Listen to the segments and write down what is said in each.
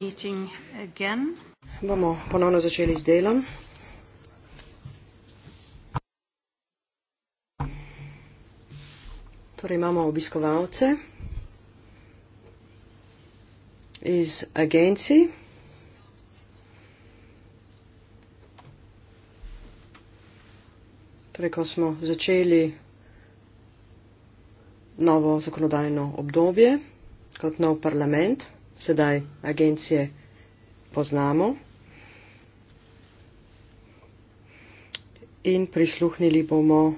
meeting again. Bomo ponovno začeli z delom. Torej imamo obiskovalce iz agencij. Torej, ko smo začeli novo zakonodajno obdobje kot nov parlament sedaj agencije poznamo in prisluhnili bomo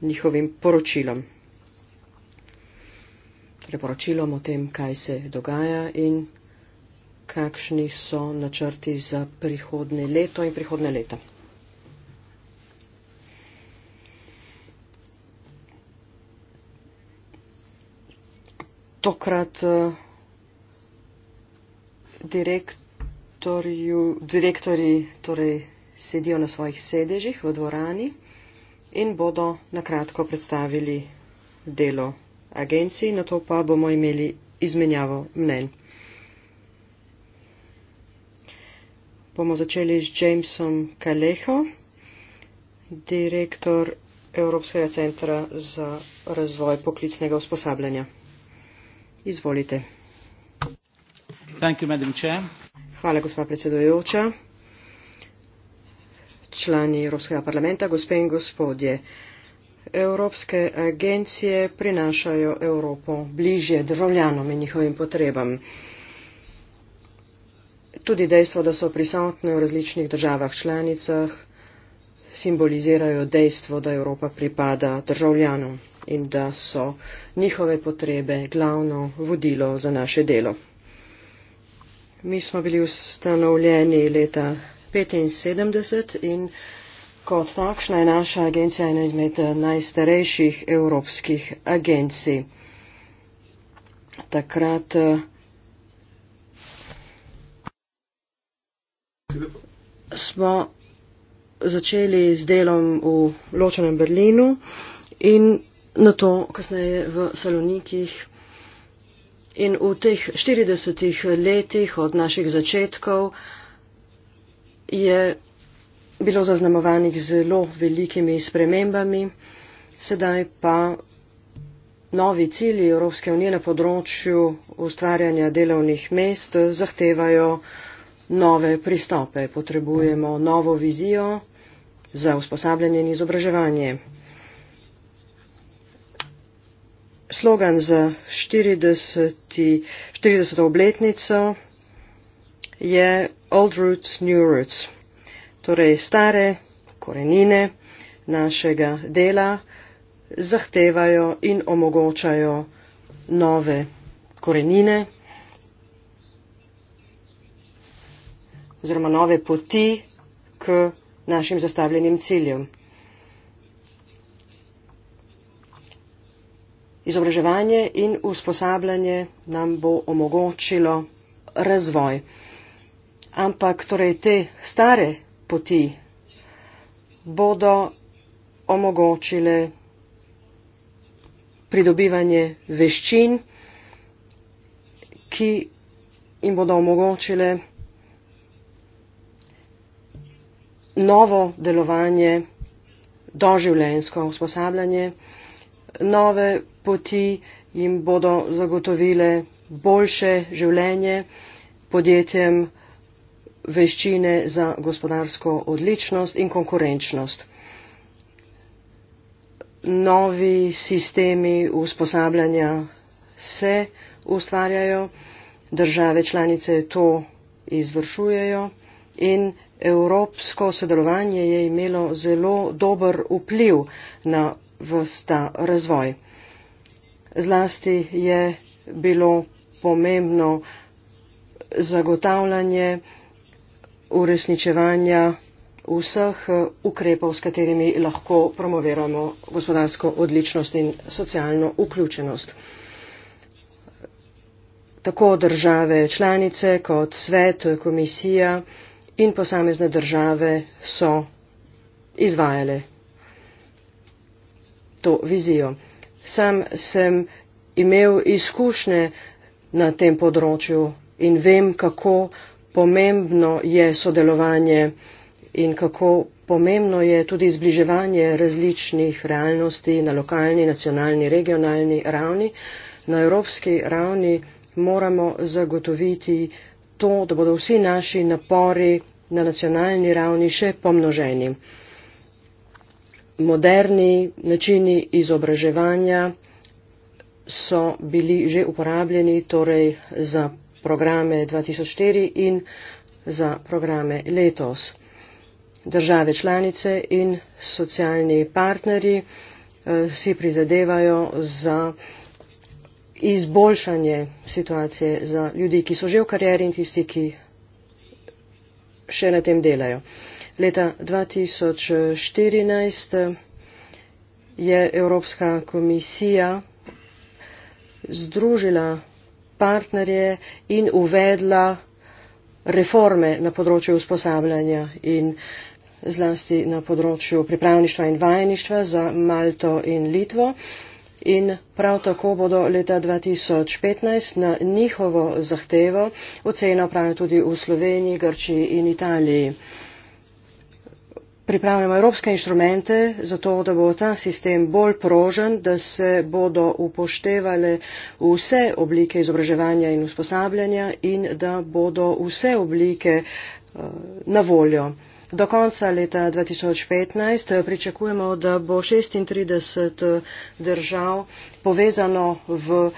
njihovim poročilom. Preporočilom torej, o tem, kaj se dogaja in kakšni so načrti za prihodne leto in prihodne leta. Tokrat uh, direktorju, direktori torej sedijo na svojih sedežih v dvorani in bodo nakratko predstavili delo agenciji, na to pa bomo imeli izmenjavo mnen. Bomo začeli s Jamesom Kaleho, direktor Evropskega centra za razvoj poklicnega usposabljanja. Izvolite. Hvala, gospa predsedujoča. Člani Evropskega parlamenta, gospe in gospodje. Evropske agencije prinašajo Evropo bližje državljanom in njihovim potrebam. Tudi dejstvo, da so prisotne v različnih državah članicah, simbolizirajo dejstvo, da Evropa pripada državljanom in da so njihove potrebe glavno vodilo za naše delo. Mi smo bili ustanovljeni leta 1975 in kot takšna je naša agencija ena izmed najstarejših evropskih agencij. Takrat eh, smo začeli z delom v ločenem Berlinu in na to kasneje v Salonikih In v teh 40 letih od naših začetkov je bilo zaznamovanih zelo velikimi spremembami, sedaj pa novi cilji Evropske unije na področju ustvarjanja delovnih mest zahtevajo nove pristope. Potrebujemo novo vizijo za usposabljanje in izobraževanje. slogan za 40. 40 obletnico je Old Roots, New Roots. Torej stare korenine našega dela zahtevajo in omogočajo nove korenine oziroma nove poti k našim zastavljenim ciljem. Izobraževanje in usposabljanje nam bo omogočilo razvoj. Ampak torej te stare poti bodo omogočile pridobivanje veščin, ki jim bodo omogočile novo delovanje, doživljenjsko usposabljanje nove poti jim bodo zagotovile boljše življenje podjetjem veščine za gospodarsko odličnost in konkurenčnost. Novi sistemi usposabljanja se ustvarjajo, države članice to izvršujejo in evropsko sodelovanje je imelo zelo dober vpliv na v ta razvoj. Zlasti je bilo pomembno zagotavljanje uresničevanja vseh ukrepov, s katerimi lahko promoviramo gospodarsko odličnost in socialno vključenost. Tako države članice kot svet, komisija in posamezne države so izvajale to vizijo. Sam sem imel izkušnje na tem področju in vem, kako pomembno je sodelovanje in kako pomembno je tudi zbliževanje različnih realnosti na lokalni, nacionalni, regionalni ravni. Na evropski ravni moramo zagotoviti to, da bodo vsi naši napori na nacionalni ravni še pomnoženi moderni načini izobraževanja so bili že uporabljeni torej za programe 2004 in za programe letos. Države članice in socialni partnerji eh, si prizadevajo za izboljšanje situacije za ljudi, ki so že v karieri in tisti, ki še na tem delajo. Leta 2014 je Evropska komisija združila partnerje in uvedla reforme na področju usposabljanja in zlasti na področju pripravništva in vajeništva za Malto in Litvo. In prav tako bodo leta 2015 na njihovo zahtevo oceno pravijo tudi v Sloveniji, Grčiji in Italiji pripravljamo evropske inštrumente za to, da bo ta sistem bolj prožen, da se bodo upoštevale vse oblike izobraževanja in usposabljanja in da bodo vse oblike eh, na voljo. Do konca leta 2015 eh, pričakujemo, da bo 36 eh, držav povezano v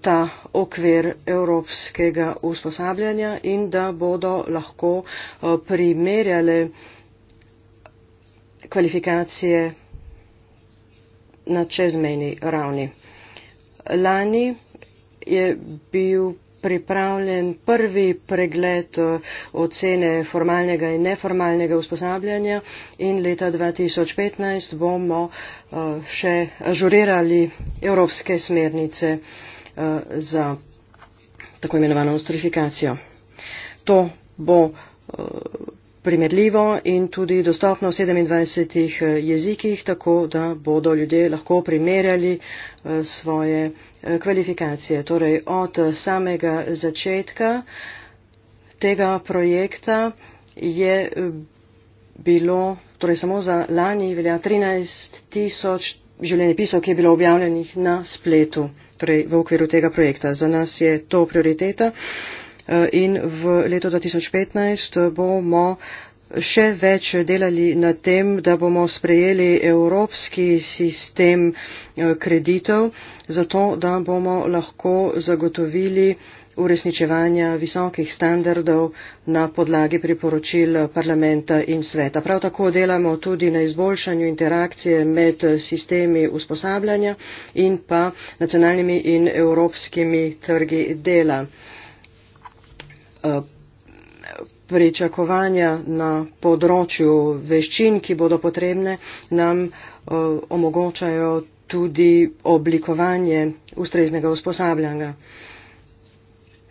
ta okvir evropskega usposabljanja in da bodo lahko primerjale kvalifikacije na čezmejni ravni. Lani je bil pripravljen prvi pregled eh, ocene formalnega in neformalnega usposabljanja in leta 2015 bomo eh, še ažurirali evropske smernice eh, za tako imenovano nostrifikacijo. To bo primerljivo in tudi dostopno v 27 eh, jezikih, tako da bodo ljudje lahko primerjali eh, svoje eh, kvalifikacije. Torej od samega začetka tega projekta je bilo, torej samo za lani velja 13 tisoč življenjepisov, ki je bilo objavljenih na spletu, torej v okviru tega projekta. Za nas je to prioriteta. Eh, in v letu 2015 bomo še več delali na tem, da bomo sprejeli evropski sistem eh, kreditov, zato da bomo lahko zagotovili uresničevanja visokih standardov na podlagi priporočil parlamenta in sveta. Prav tako delamo tudi na izboljšanju interakcije med sistemi usposabljanja in pa nacionalnimi in evropskimi trgi dela pričakovanja na področju veščin, ki bodo potrebne, nam eh, omogočajo tudi oblikovanje ustreznega usposabljanja.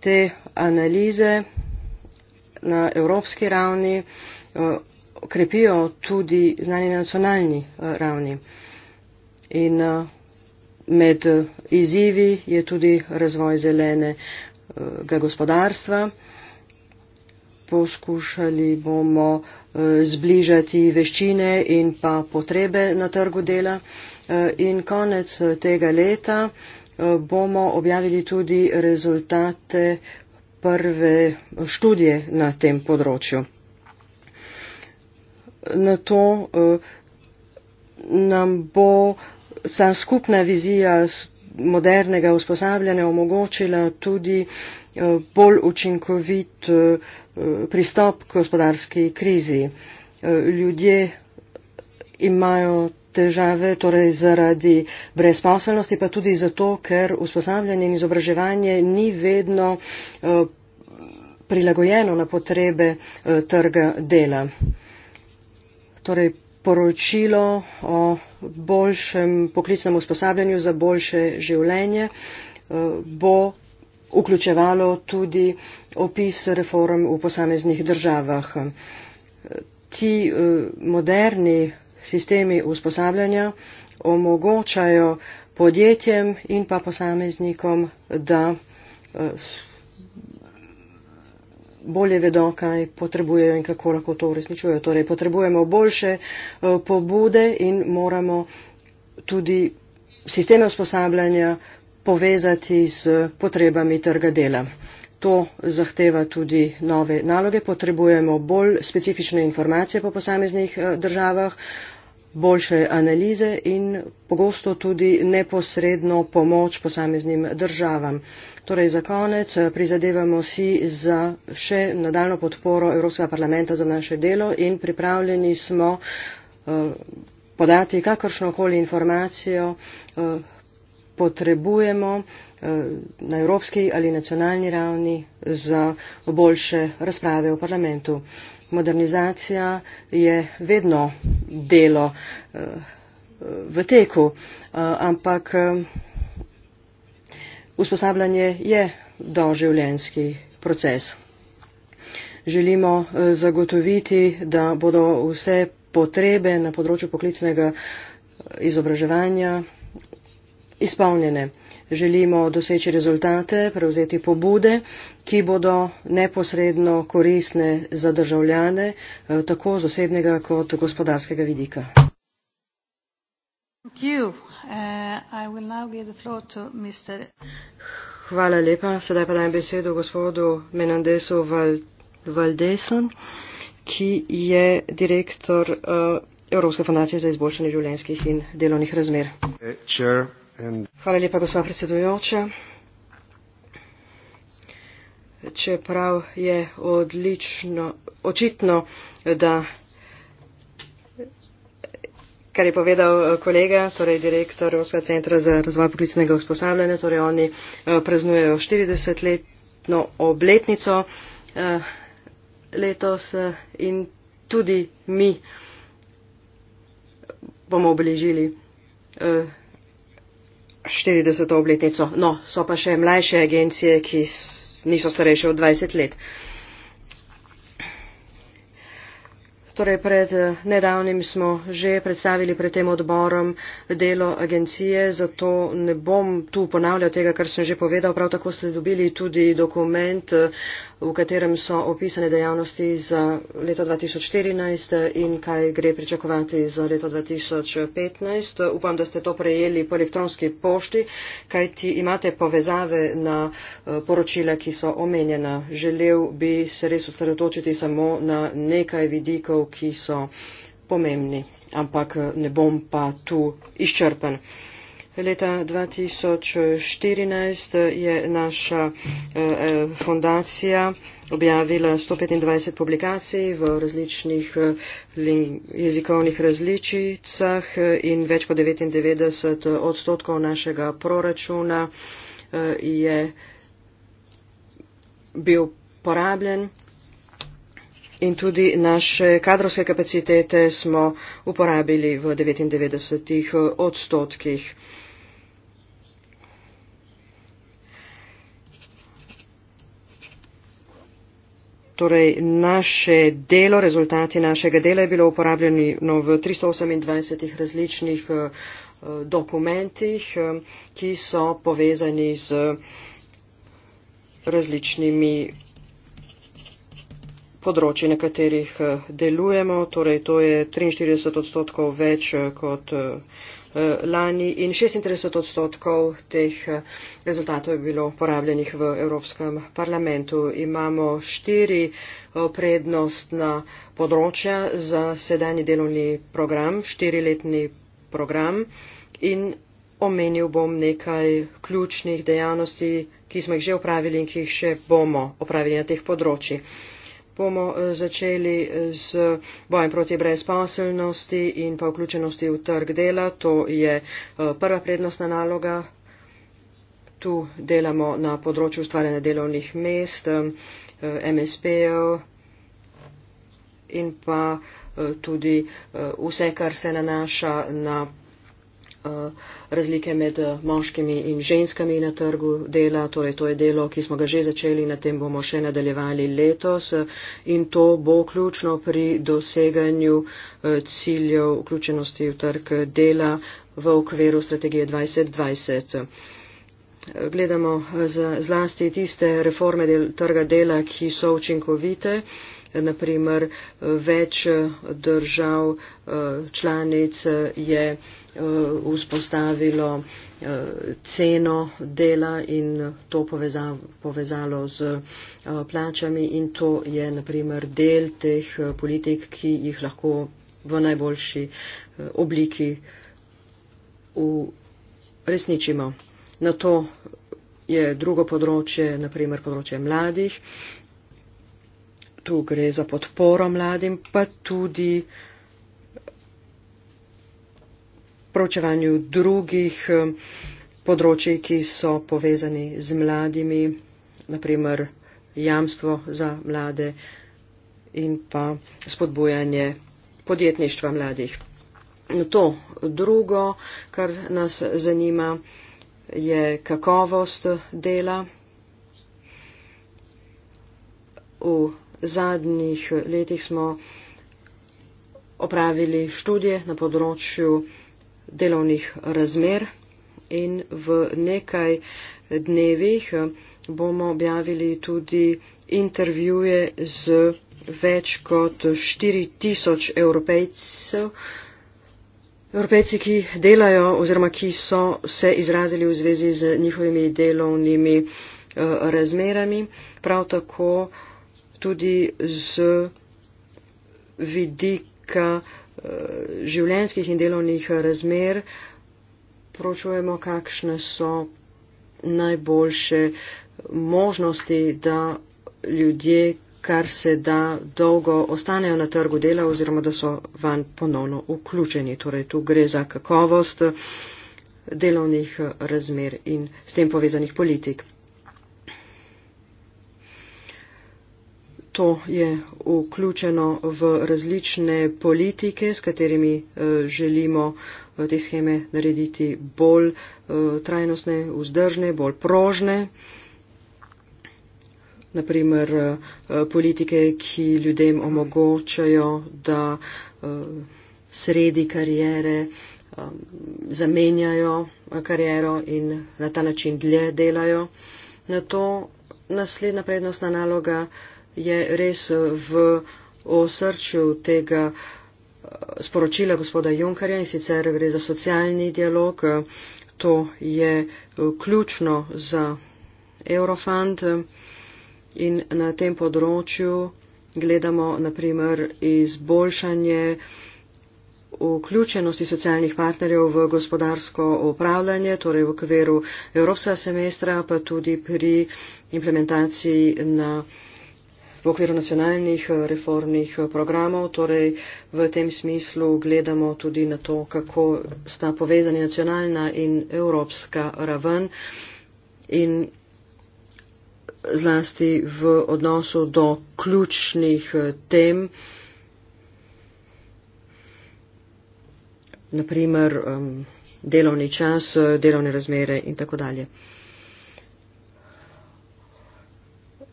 Te analize na evropski ravni eh, krepijo tudi znanje na nacionalni eh, ravni. In med izzivi je tudi razvoj zelenega gospodarstva poskušali bomo eh, zbližati veščine in pa potrebe na trgu dela. Eh, in konec eh, tega leta bomo objavili tudi rezultate prve študije na tem področju. Na to nam bo ta skupna vizija modernega usposabljanja omogočila tudi eh, bolj učinkovit eh, pristop k gospodarski krizi. Eh, ljudje imajo težave torej zaradi brezposelnosti, pa tudi zato, ker usposabljanje in izobraževanje ni vedno prilagojeno na potrebe trga dela. Torej, poročilo o boljšem poklicnem usposabljanju za boljše življenje eh, bo vključevalo tudi opis reform v posameznih državah. Ti eh, moderni sistemi usposabljanja omogočajo podjetjem in pa posameznikom, da eh, bolje vedo, kaj potrebujejo in kako lahko to uresničujejo. Torej, potrebujemo boljše eh, pobude in moramo tudi sisteme usposabljanja povezati z potrebami trga dela. To zahteva tudi nove naloge, potrebujemo bolj specifične informacije po posameznih eh, državah, boljše analize in pogosto tudi neposredno pomoč posameznim državam. Torej za konec eh, prizadevamo si za še nadaljno podporo Evropskega parlamenta za naše delo in pripravljeni smo eh, podati kakršnokoli informacijo eh, potrebujemo na evropski ali nacionalni ravni za boljše razprave v parlamentu modernizacija je vedno delo eh, v teku, eh, ampak eh, usposabljanje je doživljenski proces. Želimo zagotoviti, da bodo vse potrebe na področju poklicnega izobraževanja izpolnjene želimo doseči rezultate, prevzeti pobude, ki bodo neposredno koristne za državljane, eh, tako z osebnega kot gospodarskega vidika. Uh, Mr... Hvala lepa. Sedaj pa dajem besedo gospodu Menandesu Val Valdeson, ki je direktor uh, Evropske fundacije za izboljšanje življenjskih in delovnih razmer. Uh, eh, sure. Hvala lepa, gospod predsedujoča. Čeprav je odlično, očitno, da, kar je povedal eh, kolega, torej direktor Evropskega centra za razvoj poklicnega usposabljanja, torej oni eh, praznujejo 40-letno obletnico eh, letos in tudi mi bomo obeležili 40. obletnico. No, so pa še mlajše agencije, ki niso starejše od 20 let. Torej pred eh, nedavnim smo že predstavili pred tem odborom delo agencije, zato ne bom tu ponavljal tega, kar sem že povedal. Prav tako ste dobili tudi dokument, eh, v katerem so opisane dejavnosti za leto 2014 eh, in kaj gre pričakovati za leto 2015. Upam, da ste to prejeli po elektronski pošti, kaj ti imate povezave na poročila, ki so omenjena. Želel bi se res osredotočiti samo na nekaj vidikov ki so pomembni, ampak eh, ne bom pa tu izčrpen. Leta 2014 eh, je naša eh, eh fondacija objavila 125 publikacij v različnih jezikovnih različicah in več kot 99 odstotkov našega proračuna eh, je bil porabljen in tudi naše kadrovske kapacitete smo uporabili v 99 eh, odstotkih. Torej, naše delo, rezultati našega dela je bilo uporabljeno no, v 328 različnih eh, eh, dokumentih, ki so povezani z različnimi področji, na katerih eh, delujemo, torej to je 43 odstotkov več eh, kot eh, lani in 36 odstotkov teh rezultatov je bilo porabljenih v Evropskem parlamentu. Imamo štiri prednostna področja za sedanji delovni program, štiriletni program in omenil bom nekaj ključnih dejavnosti, ki smo jih že opravili in ki jih še bomo opravili na teh področjih bomo eh, začeli eh, z bojem proti brezpaselnosti in pa vključenosti v trg dela. To je eh, prva prednostna naloga. Tu delamo na področju ustvarjanja delovnih mest, MSP-ev in pa tudi vse, kar se nanaša na Eh, razlike med eh, moškimi in ženskami na trgu dela. Torej, to je delo, ki smo ga že začeli, na tem bomo še nadaljevali letos in to bo ključno pri doseganju eh, ciljev vključenosti v trg dela v okviru strategije 2020. Gledamo zlasti tiste reforme del, trga dela, ki so učinkovite naprimer več eh, držav eh, članic eh, je vzpostavilo ceno dela in to povezalo z plačami in to je naprimer del teh politik, ki jih lahko v najboljši obliki uresničimo. Na to je drugo področje, naprimer področje mladih tu gre za podporo mladim, pa tudi pročevanju drugih eh, področji, ki so povezani z mladimi, naprimer jamstvo za mlade in pa spodbujanje podjetništva mladih. To drugo, kar nas zanima, je kakovost dela. V zadnjih letih smo opravili študije na področju delovnih razmer in v nekaj dnevih bomo objavili tudi intervjuje z več kot 4000 evropejcev, evropejci, ki delajo oziroma ki so se izrazili v zvezi z njihovimi delovnimi eh, razmerami. Prav tako tudi z vidika eh, življenjskih in delovnih razmer pročujemo, kakšne so najboljše možnosti, da ljudje, kar se da dolgo, ostanejo na trgu dela oziroma da so van ponovno vključeni. Torej, tu gre za kakovost delovnih razmer in s tem povezanih politik. to je vključeno v različne politike, s katerimi eh, želimo eh, te scheme narediti bolj eh, trajnostne, vzdržne, bolj prožne. Naprimer politike, ki ljudem omogočajo, da sredi karijere zamenjajo kariero in na ta način dlje delajo. Na to naslednja prednostna naloga uh, je res v osrčju tega eh, sporočila gospoda Junkarja in sicer gre za socialni dialog. To je eh, ključno za Eurofund in na tem področju gledamo naprimer izboljšanje vključenosti socialnih partnerjev v gospodarsko upravljanje, torej v okviru Evropskega semestra, pa tudi pri implementaciji na v okviru nacionalnih eh, reformnih eh, programov. Torej, v tem smislu gledamo tudi na to, kako sta povezani nacionalna in evropska raven in zlasti v odnosu do ključnih eh, tem, naprimer delovni čas, delovne razmere in tako dalje.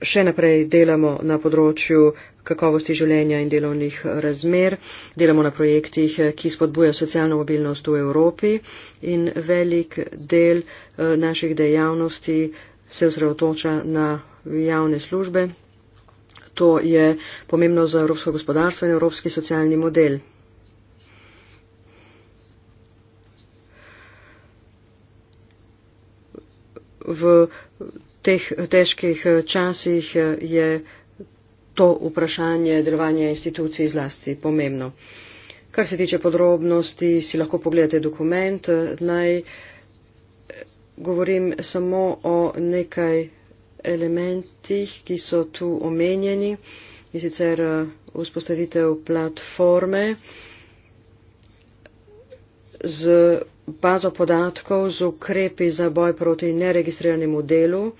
še naprej delamo na področju kakovosti življenja in delovnih razmer. Delamo na projektih, ki spodbujajo socialno mobilnost v Evropi in velik del eh, naših dejavnosti se osredotoča na javne službe. To je pomembno za evropsko gospodarstvo in evropski socialni model. V teh težkih eh, časih eh, je to vprašanje delovanja institucij zlasti pomembno. Kar se tiče podrobnosti, si lahko pogledate dokument. Naj eh, govorim samo o nekaj elementih, ki so tu omenjeni, in sicer vzpostavitev platforme z bazo podatkov z ukrepi za boj proti neregistriranemu delu.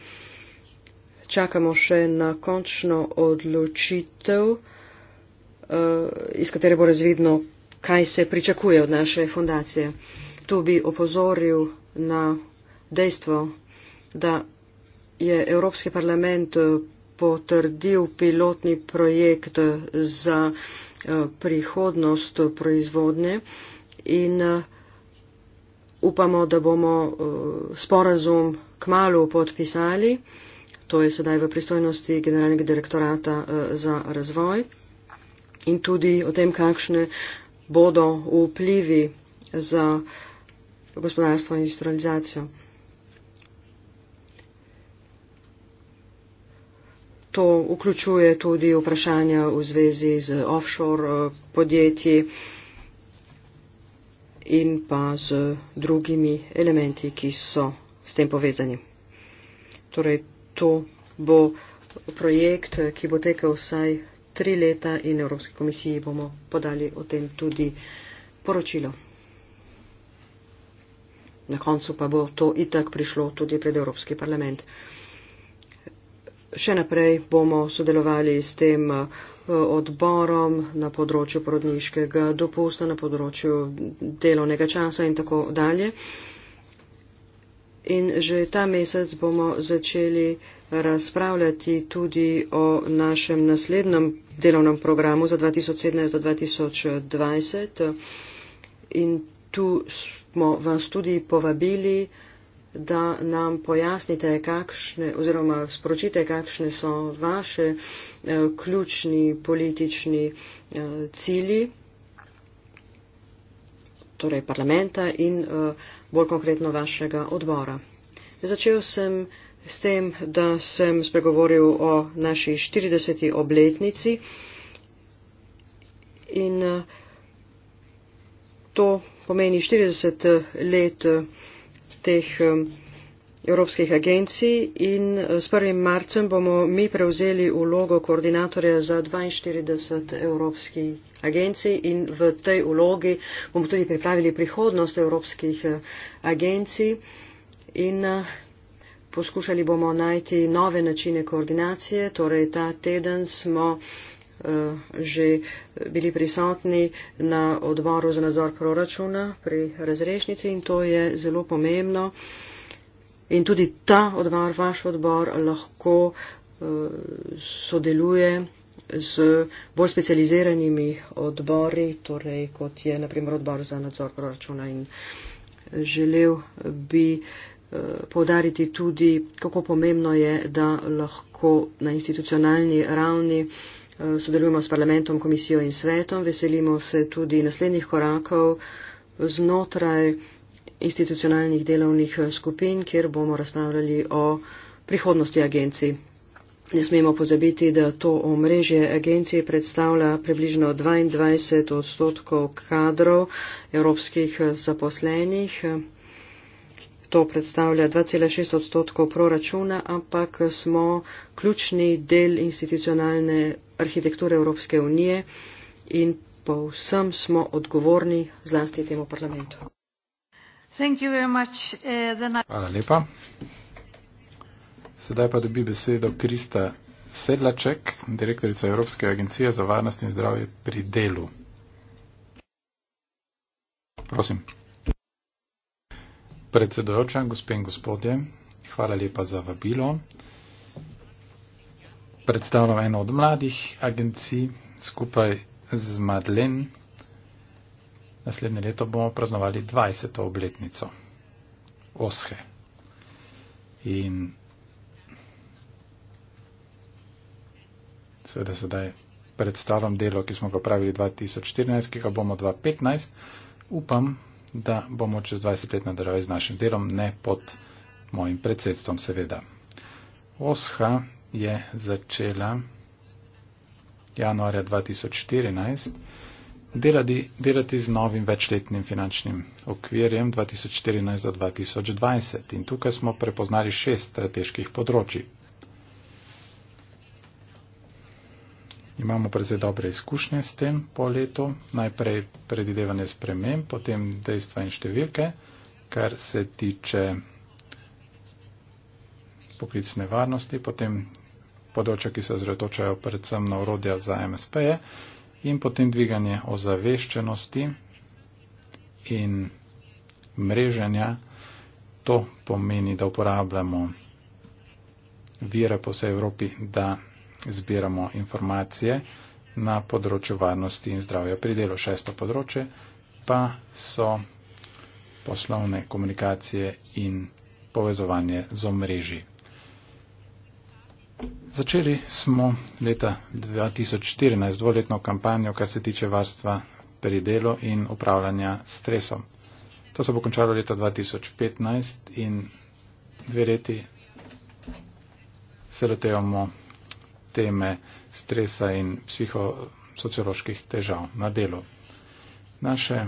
Čakamo še na končno odločitev, eh, iz katere bo razvidno, kaj se pričakuje od naše fondacije. Tu bi opozoril na dejstvo, da je Evropski parlament eh, potrdil pilotni projekt eh, za prihodnost proizvodne in uh, upamo, da bomo eh, sporazum k malu podpisali. To je sedaj v pristojnosti generalnega direktorata eh, za razvoj. In tudi o tem, kakšne bodo vplivi za gospodarstvo in industrializacijo. To vključuje tudi vprašanja v zvezi z offshore eh, podjetji in pa z drugimi elementi, ki so s tem povezani. Torej, to bo projekt, ki bo tekel vsaj tri leta in Evropski komisiji bomo podali o tem tudi poročilo. Na koncu pa bo to itak prišlo tudi pred Evropski parlament še naprej bomo sodelovali s tem eh, odborom na področju porodniškega dopusta, na področju delovnega časa in tako dalje. In že ta mesec bomo začeli razpravljati tudi o našem naslednjem delovnem programu za 2017-2020. In tu smo vas tudi povabili da nam pojasnite, kakšne, oziroma sporočite, kakšne so vaše eh, ključni politični eh, cilji torej parlamenta in eh, bolj konkretno vašega odbora. Začel sem s tem, da sem spregovoril o naši 40. obletnici in to pomeni 40 let teh evropskih agencij in eh, s 1. marcem bomo mi prevzeli ulogo koordinatorja za 42 evropskih agencij in v tej ulogi bomo tudi pripravili prihodnost evropskih eh, agencij in eh, poskušali bomo najti nove načine koordinacije. Torej ta teden smo Eh, že bili prisotni na odboru za nadzor proračuna pri razrešnici in to je zelo pomembno. In tudi ta odbor, vaš odbor, lahko eh, sodeluje z bolj specializiranimi odbori, torej kot je naprimer odbor za nadzor proračuna. In želel bi eh, povdariti tudi, kako pomembno je, da lahko na institucionalni ravni sodelujemo s parlamentom, komisijo in svetom. Veselimo se tudi naslednjih korakov znotraj institucionalnih delovnih eh, skupin, kjer bomo razpravljali o prihodnosti agencij. Ne smemo pozabiti, da to omrežje agencij predstavlja približno 22 odstotkov kadrov evropskih eh, zaposlenih. Eh, To predstavlja 2,6 odstotkov proračuna, ampak smo ključni del institucionalne arhitekture Evropske unije in po vsem smo odgovorni zlasti temu parlamentu. Eh, Hvala lepa. Sedaj pa dobi besedo Krista Sedlaček, direktorica Evropske agencije za varnost in zdravje pri delu. Prosim. Predsedojoča, gospe in gospodje, hvala lepa za vabilo. Predstavljam eno od mladih agencij skupaj z Madlen. Naslednje leto bomo praznovali 20. obletnico OSHE. In seveda sedaj predstavljam delo, ki smo ga pravili 2014, ki ga bomo 2015. Upam, da bomo čez 20 let nadaljevali z našim delom, ne pod mojim predsedstvom seveda. OSHA je začela januarja 2014 delati, delati z novim večletnim finančnim okvirjem 2014-2020 in tukaj smo prepoznali šest strateških področji. imamo precej dobre izkušnje s tem po letu. Najprej predidevanje sprememb, potem dejstva in številke, kar se tiče poklicne varnosti, potem področja, ki se zredočajo predvsem na urodja za MSP-je in potem dviganje ozaveščenosti in mreženja. To pomeni, da uporabljamo vire po vsej Evropi, da zbiramo informacije na področju varnosti in zdravja pri delu. Šesto področje pa so poslovne komunikacije in povezovanje z omrežji. Začeli smo leta 2014 dvoletno kampanjo, kar se tiče varstva pri delu in upravljanja stresom. To se bo končalo leta 2015 in dve leti se lotevamo teme stresa in psihosocioloških težav na delu. Naše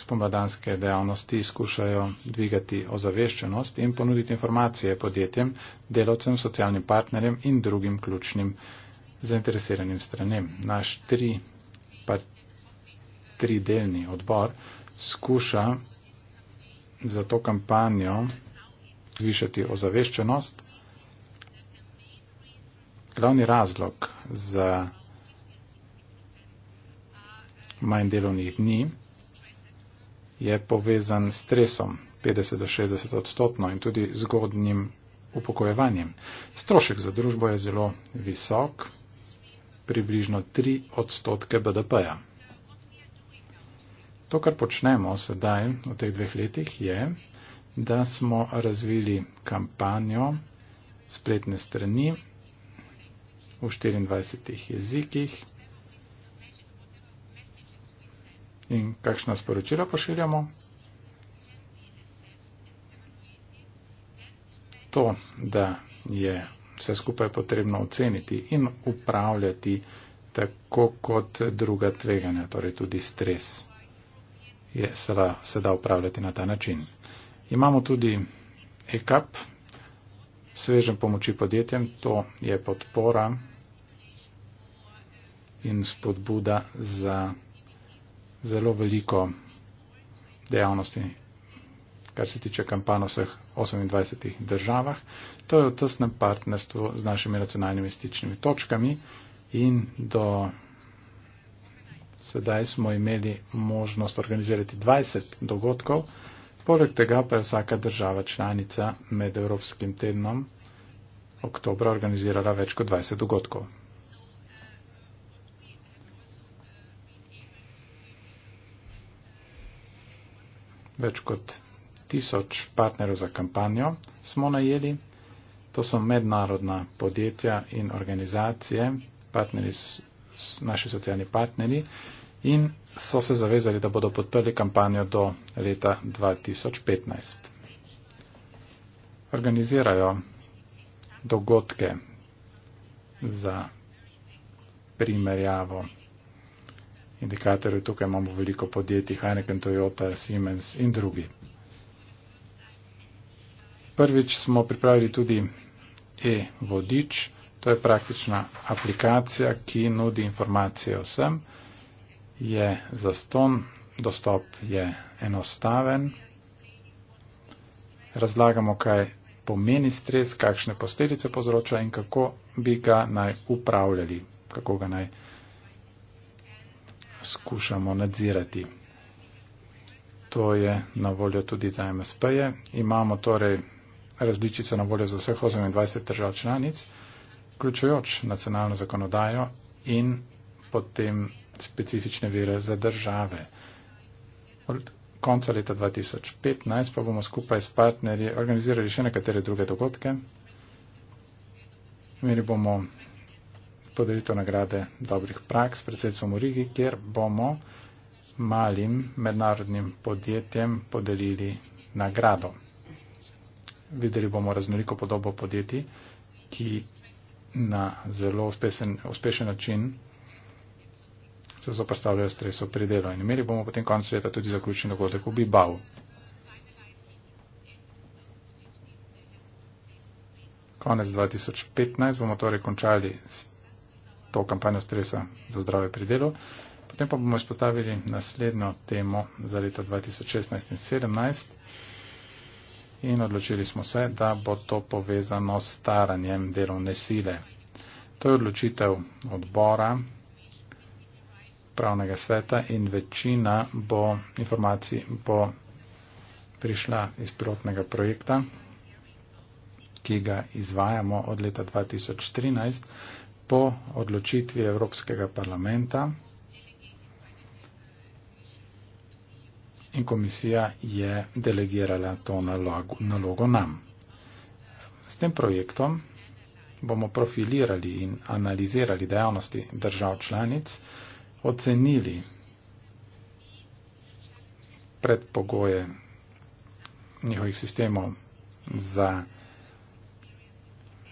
spomladanske dejavnosti skušajo dvigati ozaveščenost in ponuditi informacije podjetjem, delovcem, socialnim partnerjem in drugim ključnim zainteresiranim stranem. Naš tri, pa, tri delni odbor skuša za to kampanjo zvišati ozaveščenost glavni razlog za manj delovnih dni je povezan s stresom 50 do 60 odstotno in tudi zgodnjim upokojevanjem. Strošek za družbo je zelo visok, približno 3 odstotke BDP-ja. To, kar počnemo sedaj v teh dveh letih, je, da smo razvili kampanjo spletne strani v 24 jezikih. In kakšna sporočila pošiljamo? To, da je vse skupaj potrebno oceniti in upravljati tako kot druga tveganja, torej tudi stres, je se da, se da upravljati na ta način. Imamo tudi ECAP, svežen pomoči podjetjem, to je podpora in spodbuda za zelo veliko dejavnosti, kar se tiče kampan v vseh 28 državah. To je v tesnem partnerstvu z našimi nacionalnimi stičnimi točkami in do sedaj smo imeli možnost organizirati 20 dogodkov, poleg tega pa je vsaka država članica med Evropskim tednom oktobra organizirala več kot 20 dogodkov. več kot tisoč partnerov za kampanjo smo najeli. To so mednarodna podjetja in organizacije, partneri, naši socialni partneri in so se zavezali, da bodo podprli kampanjo do leta 2015. Organizirajo dogodke za primerjavo indikatorju. Tukaj imamo veliko podjetij, Heineken, Toyota, Siemens in drugi. Prvič smo pripravili tudi e-vodič. To je praktična aplikacija, ki nudi informacije vsem. Je zaston, dostop je enostaven. Razlagamo, kaj pomeni stres, kakšne posledice povzroča in kako bi ga naj upravljali, kako ga naj upravljali skušamo nadzirati. To je na voljo tudi za MSP-je. Imamo torej različice na voljo za vseh 28 držav članic, vključujoč nacionalno zakonodajo in potem specifične vire za države. Od konca leta 2015 pa bomo skupaj s partnerji organizirali še nekatere druge dogodke. Imeli bomo podelitev nagrade dobrih praks predsedstvom v Rigi, kjer bomo malim mednarodnim podjetjem podelili nagrado. Videli bomo raznoliko podobo podjetij, ki na zelo uspešen, uspešen način se zoprstavljajo stresov pri delu. In imeli bomo potem konec leta tudi zaključen dogodek v Bibavu. Konec 2015 bomo torej končali s to kampanjo stresa za zdrave pri delu. Potem pa bomo izpostavili naslednjo temo za leto 2016 in 2017 in odločili smo se, da bo to povezano s staranjem delovne sile. To je odločitev odbora pravnega sveta in večina bo informacij bo prišla iz pilotnega projekta, ki ga izvajamo od leta 2013 po odločitvi Evropskega parlamenta in komisija je delegirala to nalogo, nalogo nam. S tem projektom bomo profilirali in analizirali dejavnosti držav članic, ocenili predpogoje njihovih sistemov za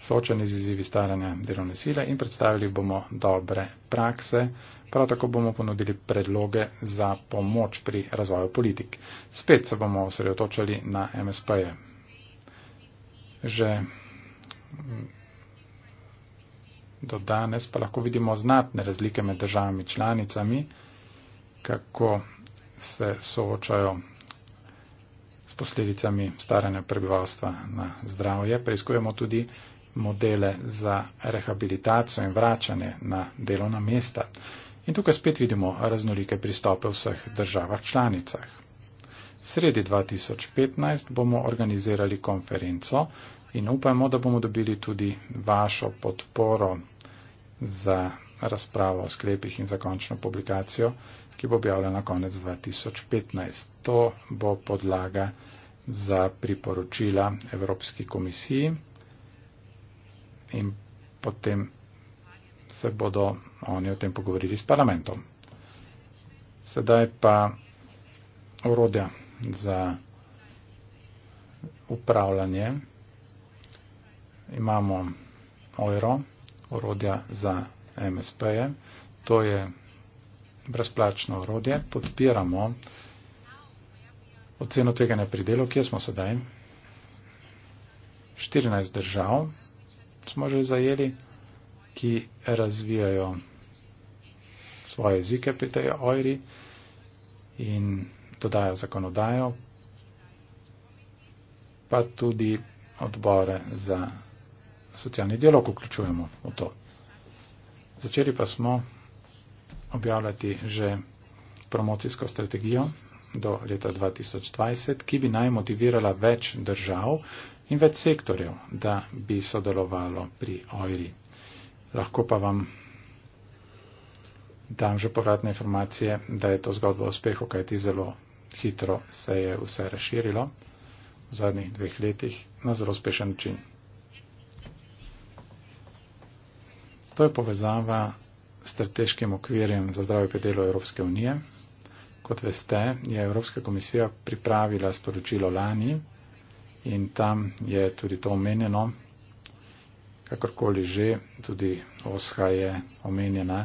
soočeni z izzivi staranja delovne sile in predstavili bomo dobre prakse. Prav tako bomo ponudili predloge za pomoč pri razvoju politik. Spet se bomo osredotočali na MSP-je. Že mm, do danes pa lahko vidimo znatne razlike med državami članicami, kako se soočajo s posledicami staranja prebivalstva na zdravje. Preiskujemo tudi, modele za rehabilitacijo in vračanje na delovna mesta. In tukaj spet vidimo raznolike pristope v vseh državah članicah. Sredi 2015 bomo organizirali konferenco in upajmo, da bomo dobili tudi vašo podporo za razpravo o sklepih in za končno publikacijo, ki bo objavljena konec 2015. To bo podlaga za priporočila Evropski komisiji in potem se bodo oni o tem pogovorili s parlamentom. Sedaj pa urodja za upravljanje. Imamo OIRO, urodja za MSP-je. To je brezplačno urodje. Podpiramo oceno tveganja pri delu, kje smo sedaj. 14 držav smo že zajeli, ki razvijajo svoje jezike pri tej ojri in dodajo zakonodajo, pa tudi odbore za socialni dialog vključujemo v to. Začeli pa smo objavljati že promocijsko strategijo do leta 2020, ki bi naj motivirala več držav in več sektorjev, da bi sodelovalo pri OIRI. Lahko pa vam dam že povratne informacije, da je to zgodba o uspehu, kajti zelo hitro se je vse razširilo v zadnjih dveh letih na zelo uspešen način. To je povezava s strateškim okvirjem za zdravje pri delu Evropske unije, Kot veste, je Evropska komisija pripravila sporočilo lani in tam je tudi to omenjeno. Kakorkoli že, tudi OSHA je omenjena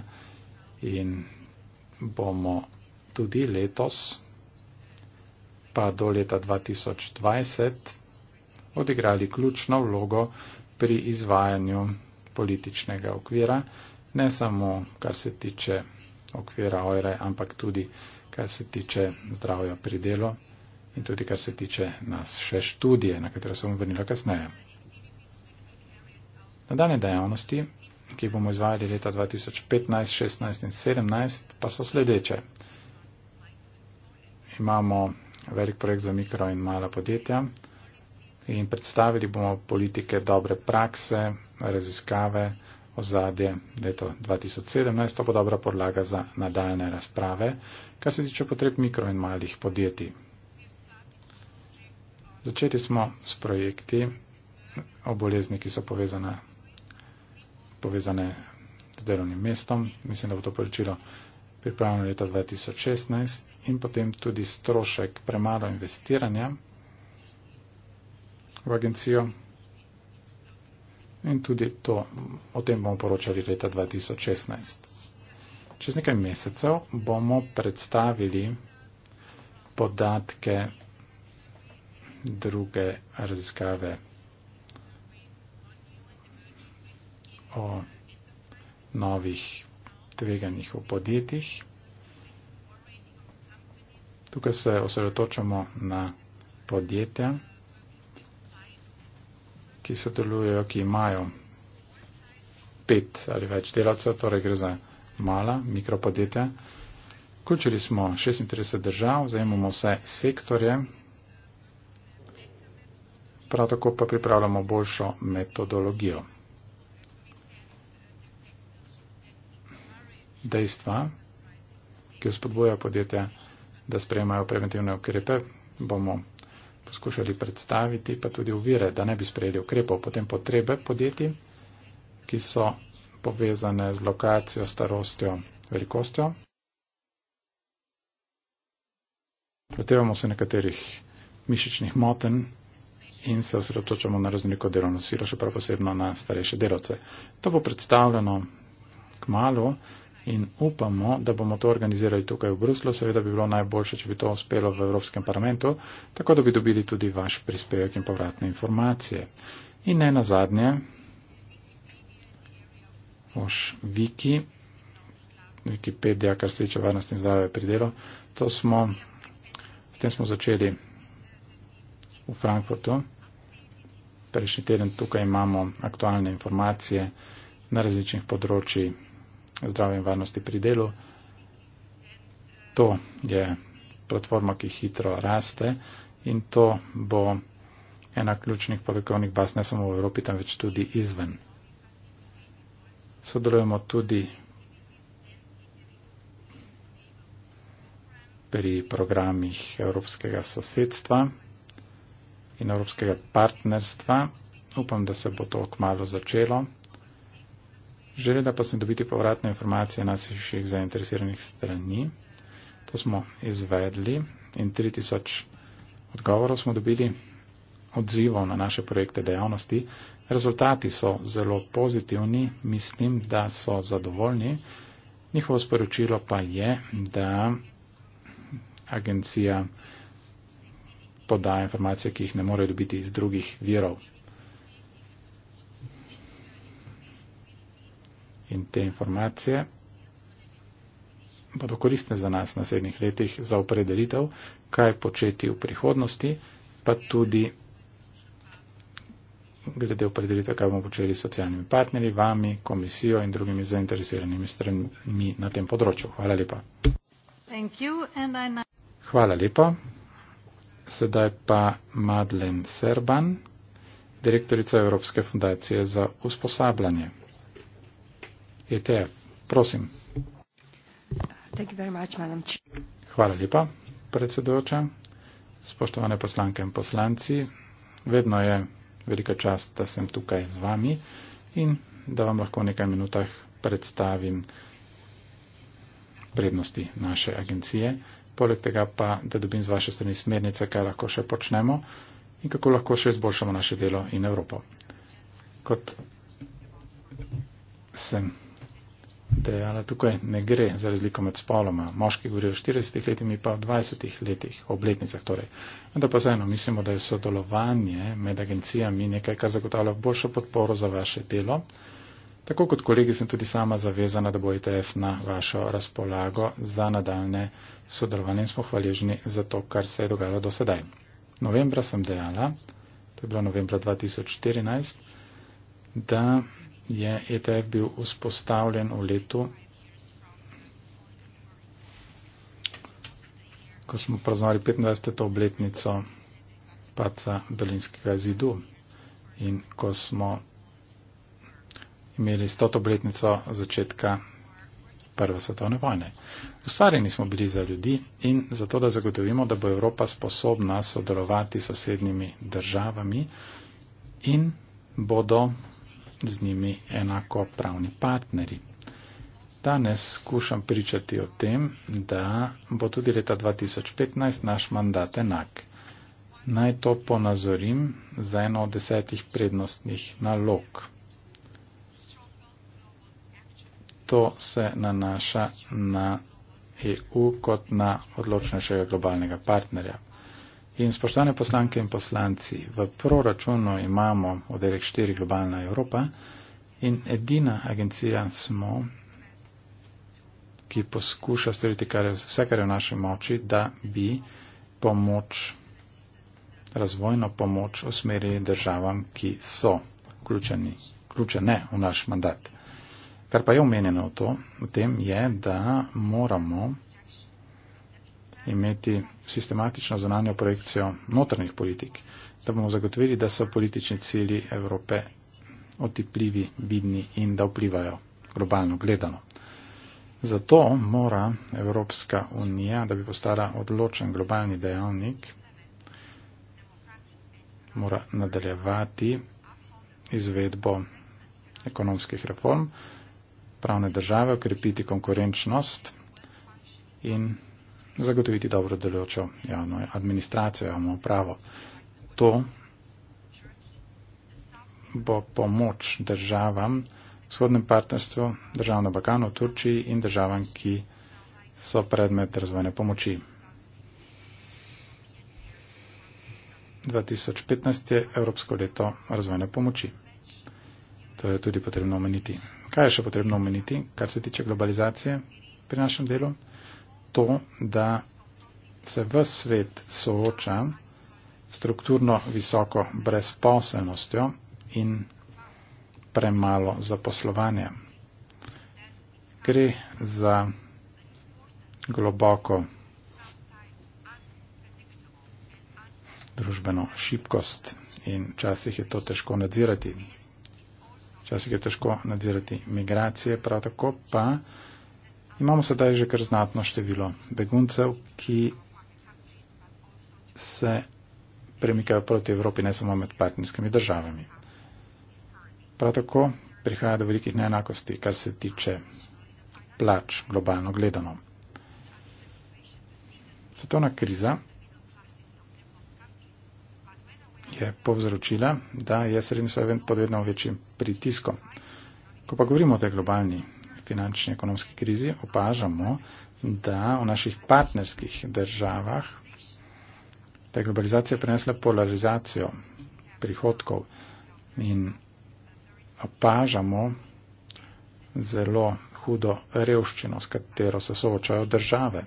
in bomo tudi letos, pa do leta 2020, odigrali ključno vlogo pri izvajanju političnega okvira, ne samo kar se tiče okvira OIRE, ampak tudi kar se tiče zdravja pri delu in tudi kar se tiče nas še študije, na katero se bom vrnila kasneje. Nadaljne dejavnosti, ki bomo izvajali leta 2015, 2016 in 2017, pa so sledeče. Imamo velik projekt za mikro in mala podjetja in predstavili bomo politike dobre prakse, raziskave, ozadje leto 2017, to bo dobra podlaga za nadaljne razprave, kar se tiče potreb mikro in malih podjetij. Začeli smo s projekti o bolezni, ki so povezane, povezane z delovnim mestom. Mislim, da bo to poročilo pripravljeno leta 2016 in potem tudi strošek premalo investiranja v agencijo. In tudi to, o tem bomo poročali leta 2016. Čez nekaj mesecev bomo predstavili podatke druge raziskave o novih tveganjih v podjetjih. Tukaj se osredotočamo na podjetja, ki sodelujejo, ki imajo pet ali več delavcev, torej gre za mala mikropodjetja. Vključili smo 36 držav, zajemamo vse sektorje, prav tako pa pripravljamo boljšo metodologijo. Dejstva, ki uspodbujajo podjetja, da sprejemajo preventivne ukrepe, bomo poskušali predstaviti, pa tudi uvire, da ne bi sprejeli ukrepov. Potem potrebe podjetij, ki so povezane z lokacijo, starostjo, velikostjo. Protevamo se nekaterih mišičnih moten in se osredotočamo na raznoliko delovno silo, še prav posebno na starejše delovce. To bo predstavljeno k malu in upamo, da bomo to organizirali tukaj v Bruslu. Seveda bi bilo najboljše, če bi to uspelo v Evropskem parlamentu, tako da bi dobili tudi vaš prispevek in povratne informacije. In ne na zadnje, oš Viki, Wikipedia, kar se tiče varnosti in zdravja pri delu. To smo, s tem smo začeli v Frankfurtu. Prejšnji teden tukaj imamo aktualne informacije na različnih področjih zdravje in varnosti pri delu. To je platforma, ki hitro raste in to bo ena ključnih podatkovnih baz ne samo v Evropi, temveč tudi izven. Sodelujemo tudi pri programih Evropskega sosedstva in Evropskega partnerstva. Upam, da se bo to okmalo začelo. Želela pa sem dobiti povratne informacije naših zainteresiranih strani. To smo izvedli in 3000 odgovorov smo dobili odzivov na naše projekte dejavnosti. Rezultati so zelo pozitivni, mislim, da so zadovoljni. Njihovo sporočilo pa je, da agencija podaja informacije, ki jih ne more dobiti iz drugih virov. in te informacije bodo koristne za nas v naslednjih letih za opredelitev, kaj početi v prihodnosti, pa tudi glede opredelitev, kaj bomo počeli s socialnimi partnerji, vami, komisijo in drugimi zainteresiranimi stranmi na tem področju. Hvala lepa. Hvala lepa. Sedaj pa Madlen Serban, direktorica Evropske fundacije za usposabljanje. ETF. E. Prosim. Hvala lepa, predsedujoča. Spoštovane poslanke in poslanci, vedno je velika čast, da sem tukaj z vami in da vam lahko v nekaj minutah predstavim prednosti naše agencije. Poleg tega pa, da dobim z vaše strani smernice, kaj lahko še počnemo in kako lahko še izboljšamo naše delo in Evropo. Kot sem dejala tukaj, ne gre za razliko med spoloma. Moški govorijo o 40 letih, mi pa o 20 letih, obletnicah torej. Vendar pa vseeno mislimo, da je sodelovanje med agencijami nekaj, kar zagotavlja boljšo podporo za vaše delo. Tako kot kolegi sem tudi sama zavezana, da bo ETF na vašo razpolago za nadaljne sodelovanje in smo hvaležni za to, kar se je dogajalo do sedaj. Novembra sem dejala, to je bilo novembra 2014, da je ETF bil vzpostavljen v letu, ko smo praznovali 25. obletnico paca Berlinskega zidu in ko smo imeli 100. obletnico začetka Prve svetovne vojne. Ustvarjeni smo bili za ljudi in zato, da zagotovimo, da bo Evropa sposobna sodelovati s sosednjimi državami in bodo z njimi enako pravni partneri. Danes skušam pričati o tem, da bo tudi leta 2015 naš mandat enak. Naj to ponazorim za eno od desetih prednostnih nalog. To se nanaša na EU kot na odločnejšega globalnega partnerja. In spoštovane poslanke in poslanci, v proračunu imamo oddelek 4 Globalna Evropa in edina agencija smo, ki poskuša storiti kar je, vse, kar je v naši moči, da bi pomoč, razvojno pomoč usmerili državam, ki so vključeni, vključene v naš mandat. Kar pa je omenjeno v, to, v tem, je, da moramo imeti sistematično zunanjo projekcijo notrnih politik, da bomo zagotovili, da so politični cilji Evrope otipljivi, vidni in da vplivajo globalno gledano. Zato mora Evropska unija, da bi postala odločen globalni dejavnik, mora nadaljevati izvedbo ekonomskih reform, pravne države, ukrepiti konkurenčnost in zagotoviti dobro delujočo javno administracijo, javno upravo. To bo pomoč državam, vzhodnem partnerstvu, državam na Balkanu, Turčiji in državam, ki so predmet razvojne pomoči. 2015 je Evropsko leto razvojne pomoči. To je tudi potrebno omeniti. Kaj je še potrebno omeniti, kar se tiče globalizacije pri našem delu? to, da se v svet sooča strukturno visoko brezposelnostjo in premalo zaposlovanja. Gre za globoko družbeno šibkost in včasih je to težko nadzirati. Včasih je težko nadzirati migracije, prav tako pa Imamo sedaj že kar znatno število beguncev, ki se premikajo proti Evropi, ne samo med partnerskimi državami. Prav tako prihaja do velikih neenakosti, kar se tiče plač globalno gledano. Svetovna kriza je povzročila, da je srednjo sloven pod vedno večjim pritiskom. Ko pa govorimo o tej globalni finančni ekonomski krizi, opažamo, da v naših partnerskih državah ta globalizacija prinesla polarizacijo prihodkov in opažamo zelo hudo revščino, s katero se soočajo države.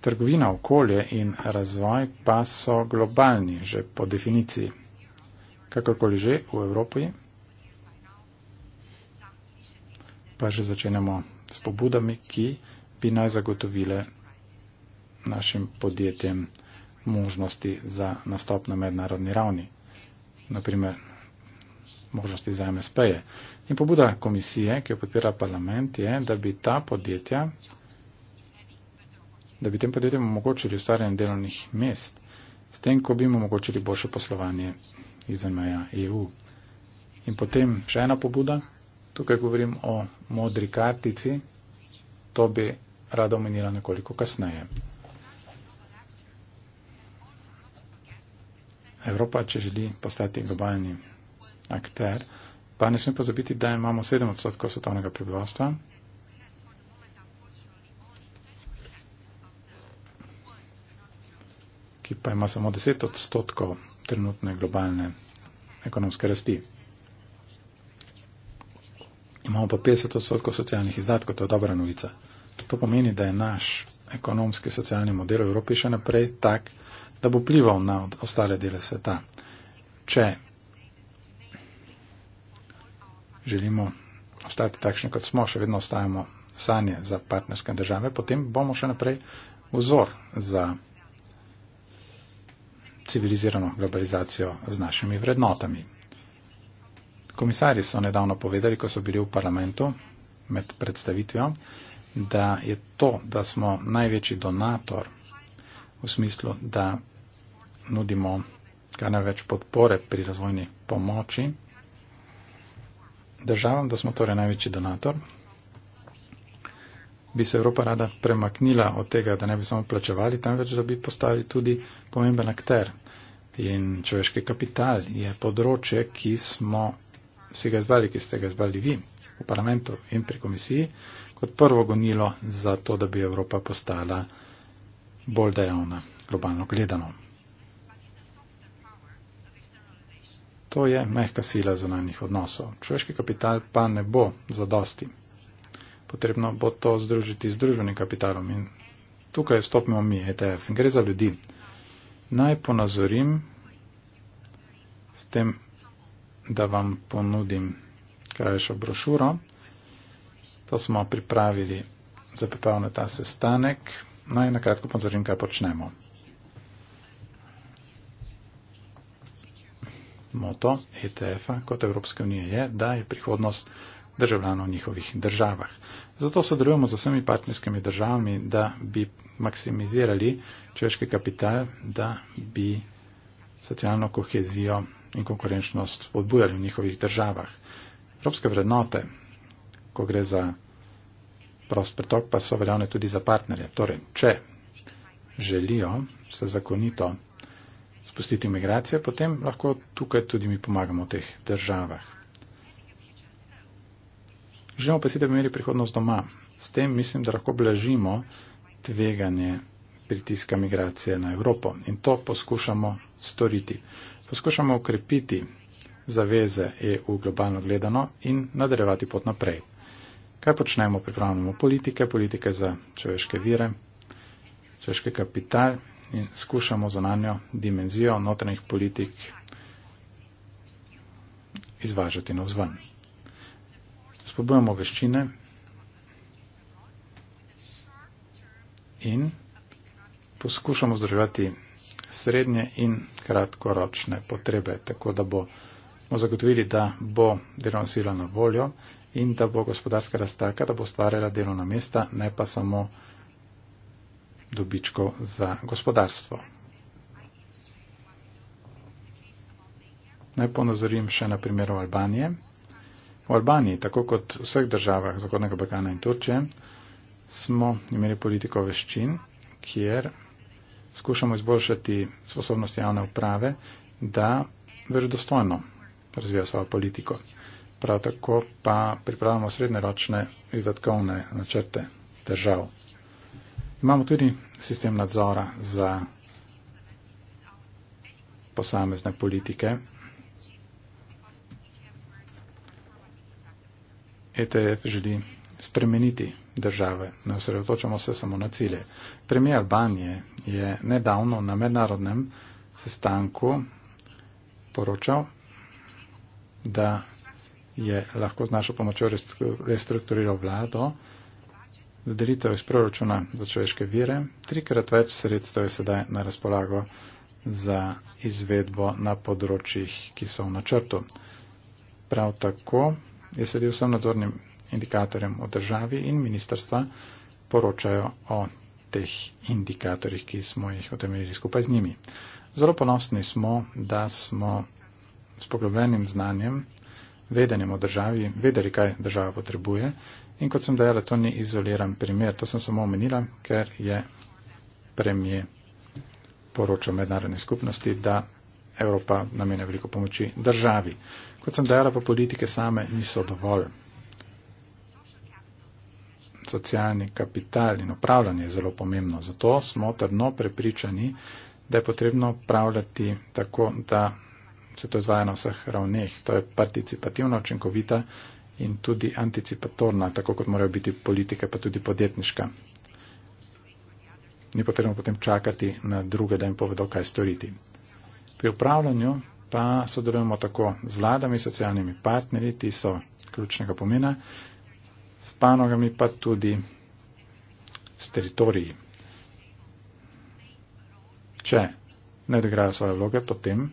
Trgovina, okolje in razvoj pa so globalni, že po definiciji. Kakorkoli že v Evropi pa že začenjamo s pobudami, ki bi naj zagotovile našim podjetjem možnosti za nastop na mednarodni ravni. Naprimer, možnosti za MSP-je. In pobuda komisije, ki jo podpira parlament, je, da bi ta podjetja, da bi tem podjetjem omogočili ustvarjanje delovnih mest, s tem, ko bi jim omogočili boljše poslovanje izmeja EU. In potem še ena pobuda. Tukaj govorim o modri kartici, to bi rada omenila nekoliko kasneje. Evropa, če želi postati globalni akter, pa ne sme pozabiti, da imamo 7 odstotkov svetovnega prebivalstva. ki pa ima samo 10 odstotkov trenutne globalne ekonomske rasti imamo pa 50 odstotkov socialnih izdatkov, to je dobra novica. To pomeni, da je naš ekonomski socialni model v Evropi še naprej tak, da bo plival na ostale dele sveta. Če želimo ostati takšni, kot smo, še vedno ostajamo sanje za partnerske države, potem bomo še naprej vzor za civilizirano globalizacijo z našimi vrednotami. Komisarji so nedavno povedali, ko so bili v parlamentu med predstavitvijo, da je to, da smo največji donator v smislu, da nudimo kar največ podpore pri razvojni pomoči državam, da smo torej največji donator, bi se Evropa rada premaknila od tega, da ne bi samo plačevali, temveč da bi postali tudi pomemben akter. In človeški kapital je področje, ki smo vsega izbrali, ki ste ga izbrali vi v parlamentu in pri komisiji, kot prvo gonilo za to, da bi Evropa postala bolj dejavna, globalno gledano. To je mehka sila zunanjih odnosov. Človeški kapital pa ne bo zadosti. Potrebno bo to združiti z družbenim kapitalom in tukaj vstopimo mi, ETF, in gre za ljudi. Naj ponazorim s tem da vam ponudim krajšo brošuro. To smo pripravili za pripravo na ta sestanek. Naj na kratko pozorim, kaj počnemo. Moto ETF-a kot Evropske unije je, da je prihodnost državljanov v njihovih državah. Zato sodelujemo z vsemi partnerskimi državami, da bi maksimizirali človeški kapital, da bi socialno kohezijo in konkurenčnost podbujali v njihovih državah. Evropske vrednote, ko gre za prost pretok, pa so veljavne tudi za partnerje. Torej, če želijo se zakonito spustiti v migracije, potem lahko tukaj tudi mi pomagamo v teh državah. Želimo pa si, da bi imeli prihodnost doma. S tem mislim, da lahko blažimo tveganje pritiska migracije na Evropo. In to poskušamo storiti poskušamo ukrepiti zaveze EU globalno gledano in nadaljevati pot naprej. Kaj počnemo? Pripravljamo politike, politike za človeške vire, človeški kapital in skušamo zonanjo dimenzijo notranjih politik izvažati na vzven. Spobujemo veščine in poskušamo združevati srednje in kratkoročne potrebe, tako da bomo zagotovili, da bo delovna sila na voljo in da bo gospodarska rast taka, da bo stvarjala delovna mesta, ne pa samo dobičkov za gospodarstvo. Naj ponazorim še na primeru Albanije. V Albaniji, tako kot v vseh državah Zahodnega Balkana in Turčije, smo imeli politiko veščin, kjer skušamo izboljšati sposobnost javne uprave, da verodostojno razvija svojo politiko. Prav tako pa pripravljamo srednjeročne izdatkovne načrte držav. Imamo tudi sistem nadzora za posamezne politike. ETF želi spremeniti države, ne osredotočamo se samo na cilje. Premijer Albanije je nedavno na mednarodnem sestanku poročal, da je lahko z našo pomočjo restrukturiral vlado, dodelitev iz proračuna za človeške vire, trikrat več sredstev je sedaj na razpolago za izvedbo na področjih, ki so v načrtu. Prav tako je sedel sem nadzornim indikatorjem v državi in ministrstva poročajo o teh indikatorjih, ki smo jih otemeljili skupaj z njimi. Zelo ponosni smo, da smo s poglobljenim znanjem, vedenjem o državi, vedeli, kaj država potrebuje in kot sem dejala, to ni izoliran primer, to sem samo omenila, ker je premije poročal mednarodne skupnosti, da Evropa namenja veliko pomoči državi. Kot sem dejala, pa politike same niso dovolj socialni kapital in upravljanje je zelo pomembno. Zato smo trdno prepričani, da je potrebno upravljati tako, da se to izvaja na vseh ravneh. To je participativno, učinkovita in tudi anticipatorna, tako kot morajo biti politike, pa tudi podjetniška. Ni potrebno potem čakati na druge, da jim povedo, kaj storiti. Pri upravljanju pa sodelujemo tako z vladami, socialnimi partnerji, ti so ključnega pomena s panogami, pa tudi s teritoriji. Če ne odigrajo svoje vloge, potem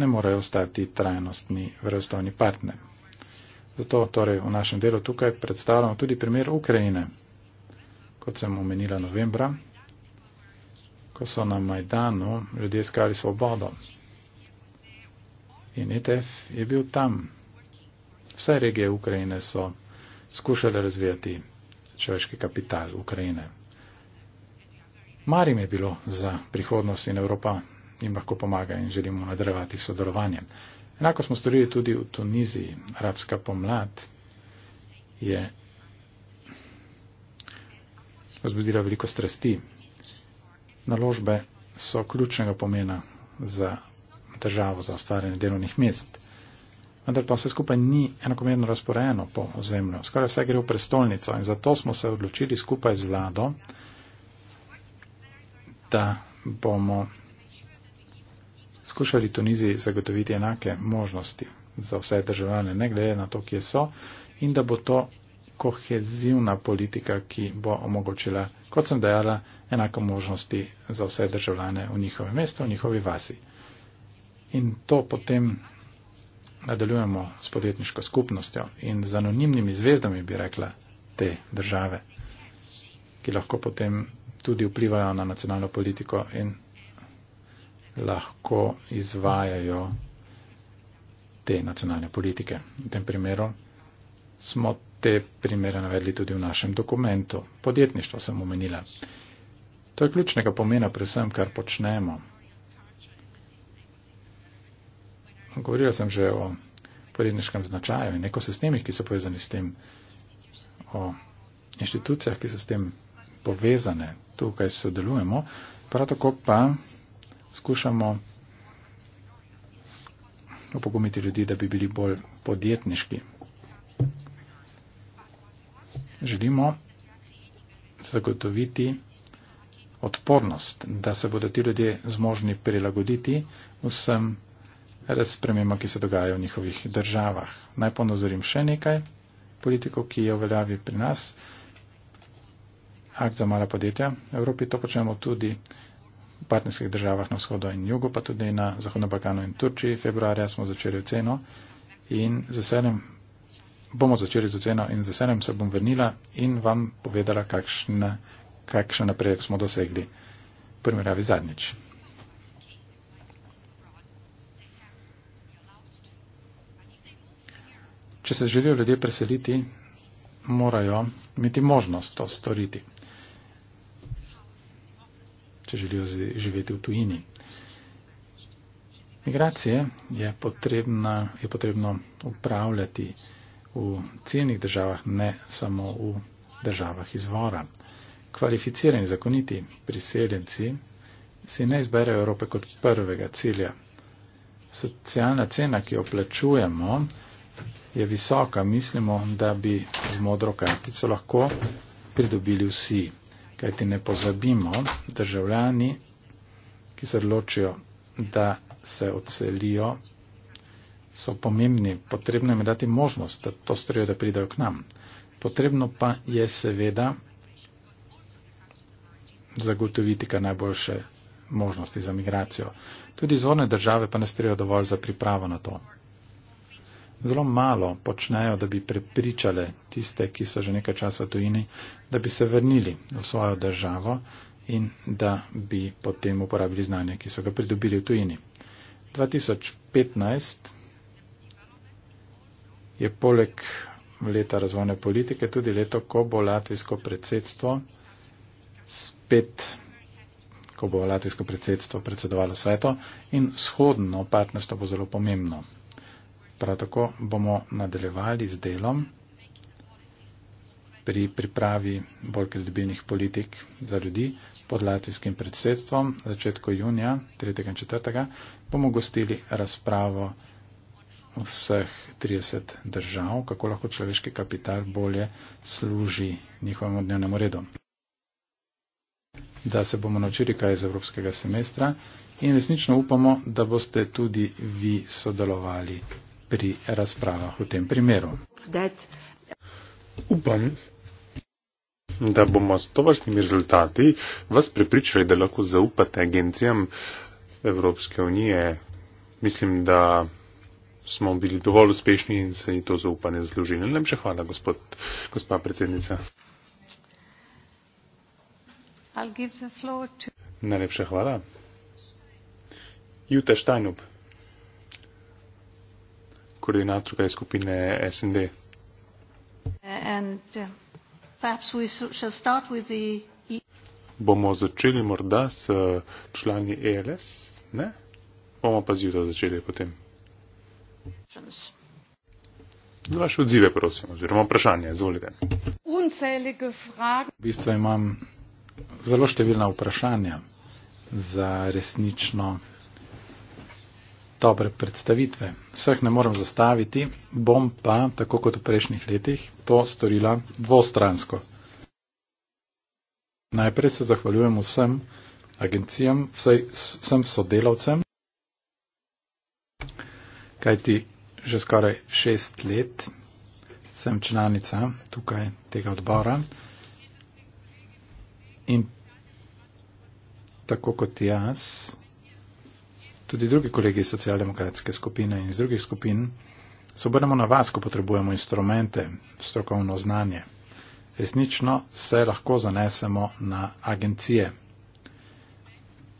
ne morejo ostati trajnostni verostojni partner. Zato torej v našem delu tukaj predstavljamo tudi primer Ukrajine, kot sem omenila novembra, ko so na Majdanu ljudje iskali svobodo. In ETF je bil tam. Vse regije Ukrajine so skušale razvijati človeški kapital Ukrajine. Marim je bilo za prihodnost in Evropa jim lahko pomaga in želimo nadaljevati sodelovanje. Enako smo storili tudi v Tuniziji. Arabska pomlad je razbudila veliko strasti. Naložbe so ključnega pomena za državo, za ustvarjanje delovnih mest vendar pa vse skupaj ni enakomerno razporejeno po ozemlju. Skoraj vse gre v prestolnico in zato smo se odločili skupaj z vlado, da bomo skušali Tuniziji zagotoviti enake možnosti za vse državljane, ne glede na to, kje so, in da bo to kohezivna politika, ki bo omogočila, kot sem dejala, enako možnosti za vse državljane v njihovem mestu, v njihovi vasi. In to potem nadaljujemo s podjetniško skupnostjo in z anonimnimi zvezdami, bi rekla, te države, ki lahko potem tudi vplivajo na nacionalno politiko in lahko izvajajo te nacionalne politike. V tem primeru smo te primere navedli tudi v našem dokumentu. Podjetništvo sem omenila. To je ključnega pomena pri vsem, kar počnemo. govorila sem že o poredniškem značaju in ekosistemih, ki so povezani s tem, o inštitucijah, ki so s tem povezane, tukaj sodelujemo, prav tako pa skušamo opogumiti ljudi, da bi bili bolj podjetniški. Želimo zagotoviti odpornost, da se bodo ti ljudje zmožni prilagoditi vsem res sprememo, ki se dogajajo v njihovih državah. Naj ponazorim še nekaj politikov, ki je uveljavi pri nas. Akt za mala podjetja. V Evropi to počnemo tudi v partnerskih državah na vzhodu in jugu, pa tudi na Zahodnem Balkanu in Turčiji. Februarja smo začeli oceno in z veseljem bomo začeli z oceno in z veseljem se bom vrnila in vam povedala, kakšen napredek smo dosegli. Primeravi zadnjič. se želijo ljudje preseliti, morajo imeti možnost to storiti, če želijo živeti v tujini. Migracije je, potrebna, je potrebno upravljati v ciljnih državah, ne samo v državah izvora. Kvalificirani zakoniti priseljenci si ne izberejo Evrope kot prvega cilja. Socialna cena, ki jo plačujemo, je visoka, mislimo, da bi z modro kartico lahko pridobili vsi. Kajti ne pozabimo, državljani, ki se odločijo, da se odselijo, so pomembni. Potrebno jim dati možnost, da to storijo, da pridajo k nam. Potrebno pa je seveda zagotoviti kar najboljše možnosti za migracijo. Tudi zvone države pa ne storijo dovolj za pripravo na to zelo malo počnejo, da bi prepričale tiste, ki so že nekaj časa tujini, da bi se vrnili v svojo državo in da bi potem uporabili znanje, ki so ga pridobili v tujini. 2015 je poleg leta razvojne politike tudi leto, ko bo latvijsko predsedstvo spet ko bo latvijsko predsedstvo predsedovalo svetu in shodno partnerstvo bo zelo pomembno. Prav tako bomo nadaljevali z delom pri pripravi bolj kredibilnih politik za ljudi pod latvijskim predsedstvom začetku junija 3. in 4. bomo gostili razpravo vseh 30 držav, kako lahko človeški kapital bolje služi njihovemu dnevnemu redu. Da se bomo naučili kaj iz evropskega semestra in resnično upamo, da boste tudi vi sodelovali pri razpravah v tem primeru. Upam, da bomo s tovrstnimi rezultati vas prepričali, da lahko zaupate agencijam Evropske unije. Mislim, da smo bili dovolj uspešni in se je to zaupanje zaslužili. Najlepša hvala, gospod, gospa predsednica. Najlepša hvala. Jute Steinup koordinatorka je skupine SND. And, uh, the... E- Bomo začeli morda s uh, člani ELS, ne? Bomo pa zjutraj začeli potem. Za vaše odzive, prosim, oziroma vprašanje, izvolite. V bistvu imam zelo številna vprašanja za resnično dobre predstavitve. Vseh ne morem zastaviti, bom pa, tako kot v prejšnjih letih, to storila dvostransko. Najprej se zahvaljujem vsem agencijam, vsem sodelavcem, kajti že skoraj šest let sem članica tukaj tega odbora in tako kot jaz, tudi drugi kolegi iz socialdemokratske skupine in iz drugih skupin, se obrnemo na vas, ko potrebujemo instrumente, strokovno znanje. Resnično se lahko zanesemo na agencije.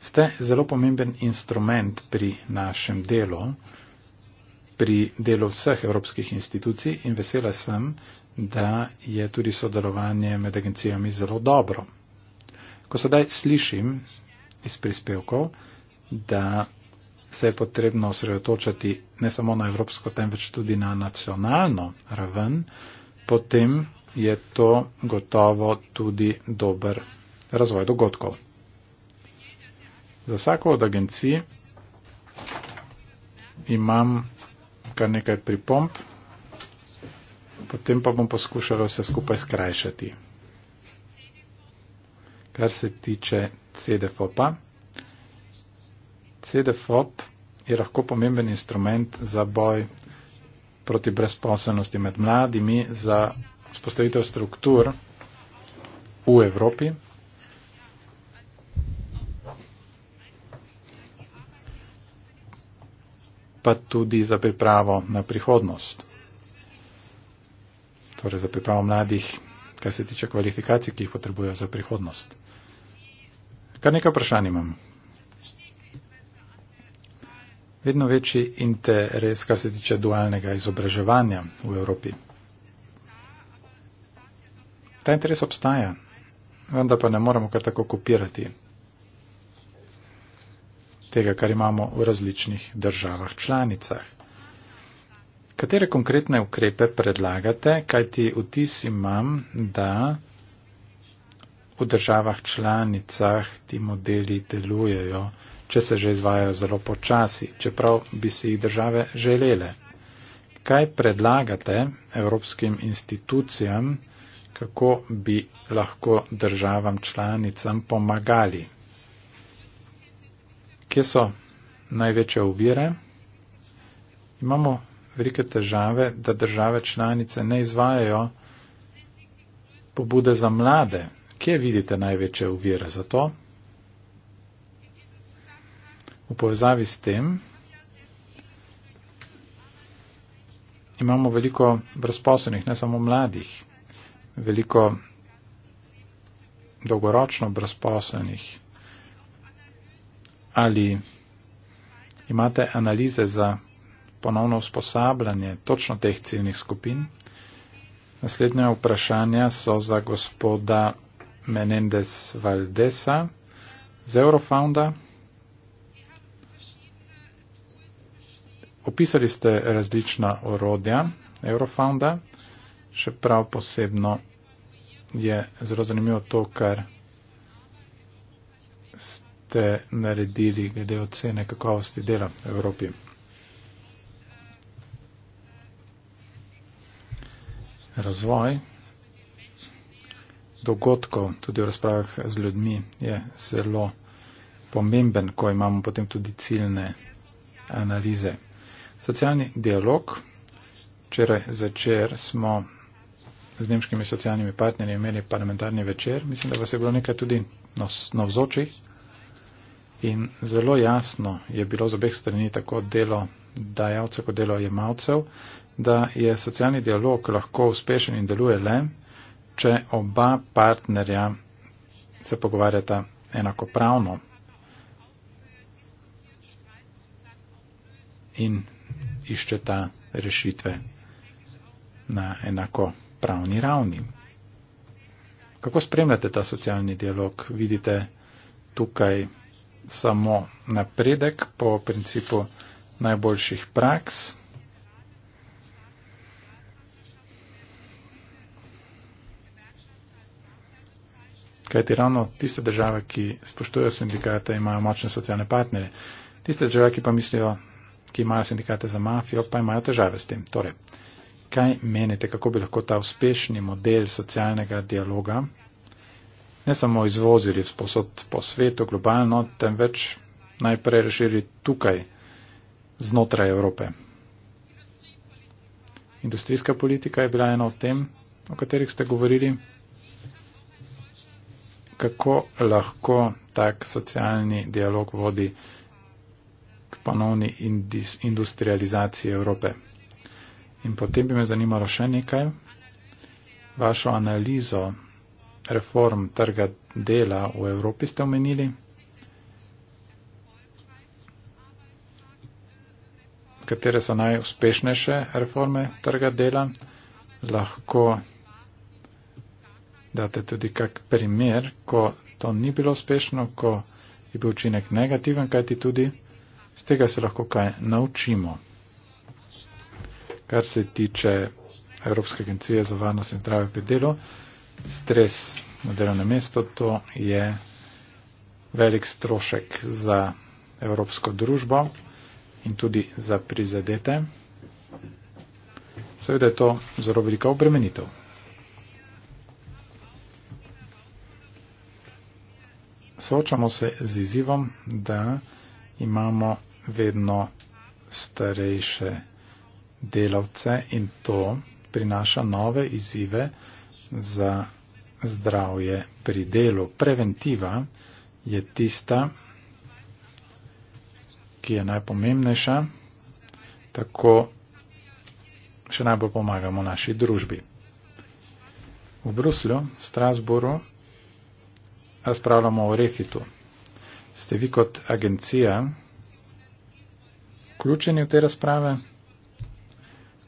Ste zelo pomemben instrument pri našem delu, pri delu vseh evropskih institucij in vesela sem, da je tudi sodelovanje med agencijami zelo dobro. Ko sedaj slišim iz prispevkov, da se je potrebno osredotočati ne samo na evropsko, temveč tudi na nacionalno raven, potem je to gotovo tudi dober razvoj dogodkov. Za vsako od agencij imam kar nekaj pripomp, potem pa bom poskušal vse skupaj skrajšati. Kar se tiče CDFOPA, CDFOP je lahko pomemben instrument za boj proti brezposelnosti med mladimi, za spostavitev struktur v Evropi. pa tudi za pripravo na prihodnost. Torej za pripravo mladih, kar se tiče kvalifikacij, ki jih potrebujejo za prihodnost. Kar nekaj vprašanj imam vedno večji interes, kar se tiče dualnega izobraževanja v Evropi. Ta interes obstaja, vendar pa ne moremo kar tako kopirati tega, kar imamo v različnih državah članicah. Katere konkretne ukrepe predlagate, kaj ti vtis imam, da v državah članicah ti modeli delujejo? če se že izvajajo zelo počasi, čeprav bi si jih države želele. Kaj predlagate evropskim institucijam, kako bi lahko državam članicam pomagali? Kje so največje uvire? Imamo velike težave, da države članice ne izvajajo pobude za mlade. Kje vidite največje uvire za to? V povezavi s tem imamo veliko brezposobnih, ne samo mladih, veliko dolgoročno brezposobnih. Ali imate analize za ponovno usposabljanje točno teh ciljnih skupin? Naslednja vprašanja so za gospoda Menendez Valdesa z Eurofounda. Opisali ste različna orodja Eurofounda, še prav posebno je zelo zanimivo to, kar ste naredili glede ocene kakovosti dela v Evropi. Razvoj dogodkov tudi v razpravah z ljudmi je zelo pomemben, ko imamo potem tudi ciljne analize. Socialni dialog. Včeraj začer smo z nemškimi socialnimi partnerji imeli parlamentarni večer. Mislim, da vas je bilo nekaj tudi navzočih. In zelo jasno je bilo z obeh strani tako delo dajalcev kot delo jemalcev, da je socialni dialog lahko uspešen in deluje le, če oba partnerja se pogovarjata enakopravno. In iščeta rešitve na enako pravni ravni. Kako spremljate ta socialni dialog? Vidite tukaj samo napredek po principu najboljših praks. Kajti ravno tiste države, ki spoštujejo sindikate, imajo močne socialne partnere. Tiste države, ki pa mislijo ki imajo sindikate za mafijo, pa imajo težave s tem. Torej, kaj menite, kako bi lahko ta uspešni model socialnega dialoga ne samo izvozili posod po svetu globalno, temveč najprej reširi tukaj, znotraj Evrope. Industrijska politika je bila ena od tem, o katerih ste govorili. Kako lahko tak socialni dialog vodi ponovni indis, industrializaciji Evrope. In potem bi me zanimalo še nekaj. Vašo analizo reform trga dela v Evropi ste omenili. Katere so najuspešnejše reforme trga dela? Lahko date tudi kak primer, ko to ni bilo uspešno, ko je bil učinek negativen, kajti tudi Z tega se lahko kaj naučimo. Kar se tiče Evropske agencije za varnost in zdravje pri delu, stres na delovnem mestu, to je velik strošek za evropsko družbo in tudi za prizadete. Seveda je to zelo velika obremenitev. Soočamo se z izzivom, da imamo vedno starejše delavce in to prinaša nove izzive za zdravje pri delu. Preventiva je tista, ki je najpomembnejša, tako še najbolj pomagamo naši družbi. V Bruslju, Strasburu, razpravljamo o refitu ste vi kot agencija vključeni v te razprave?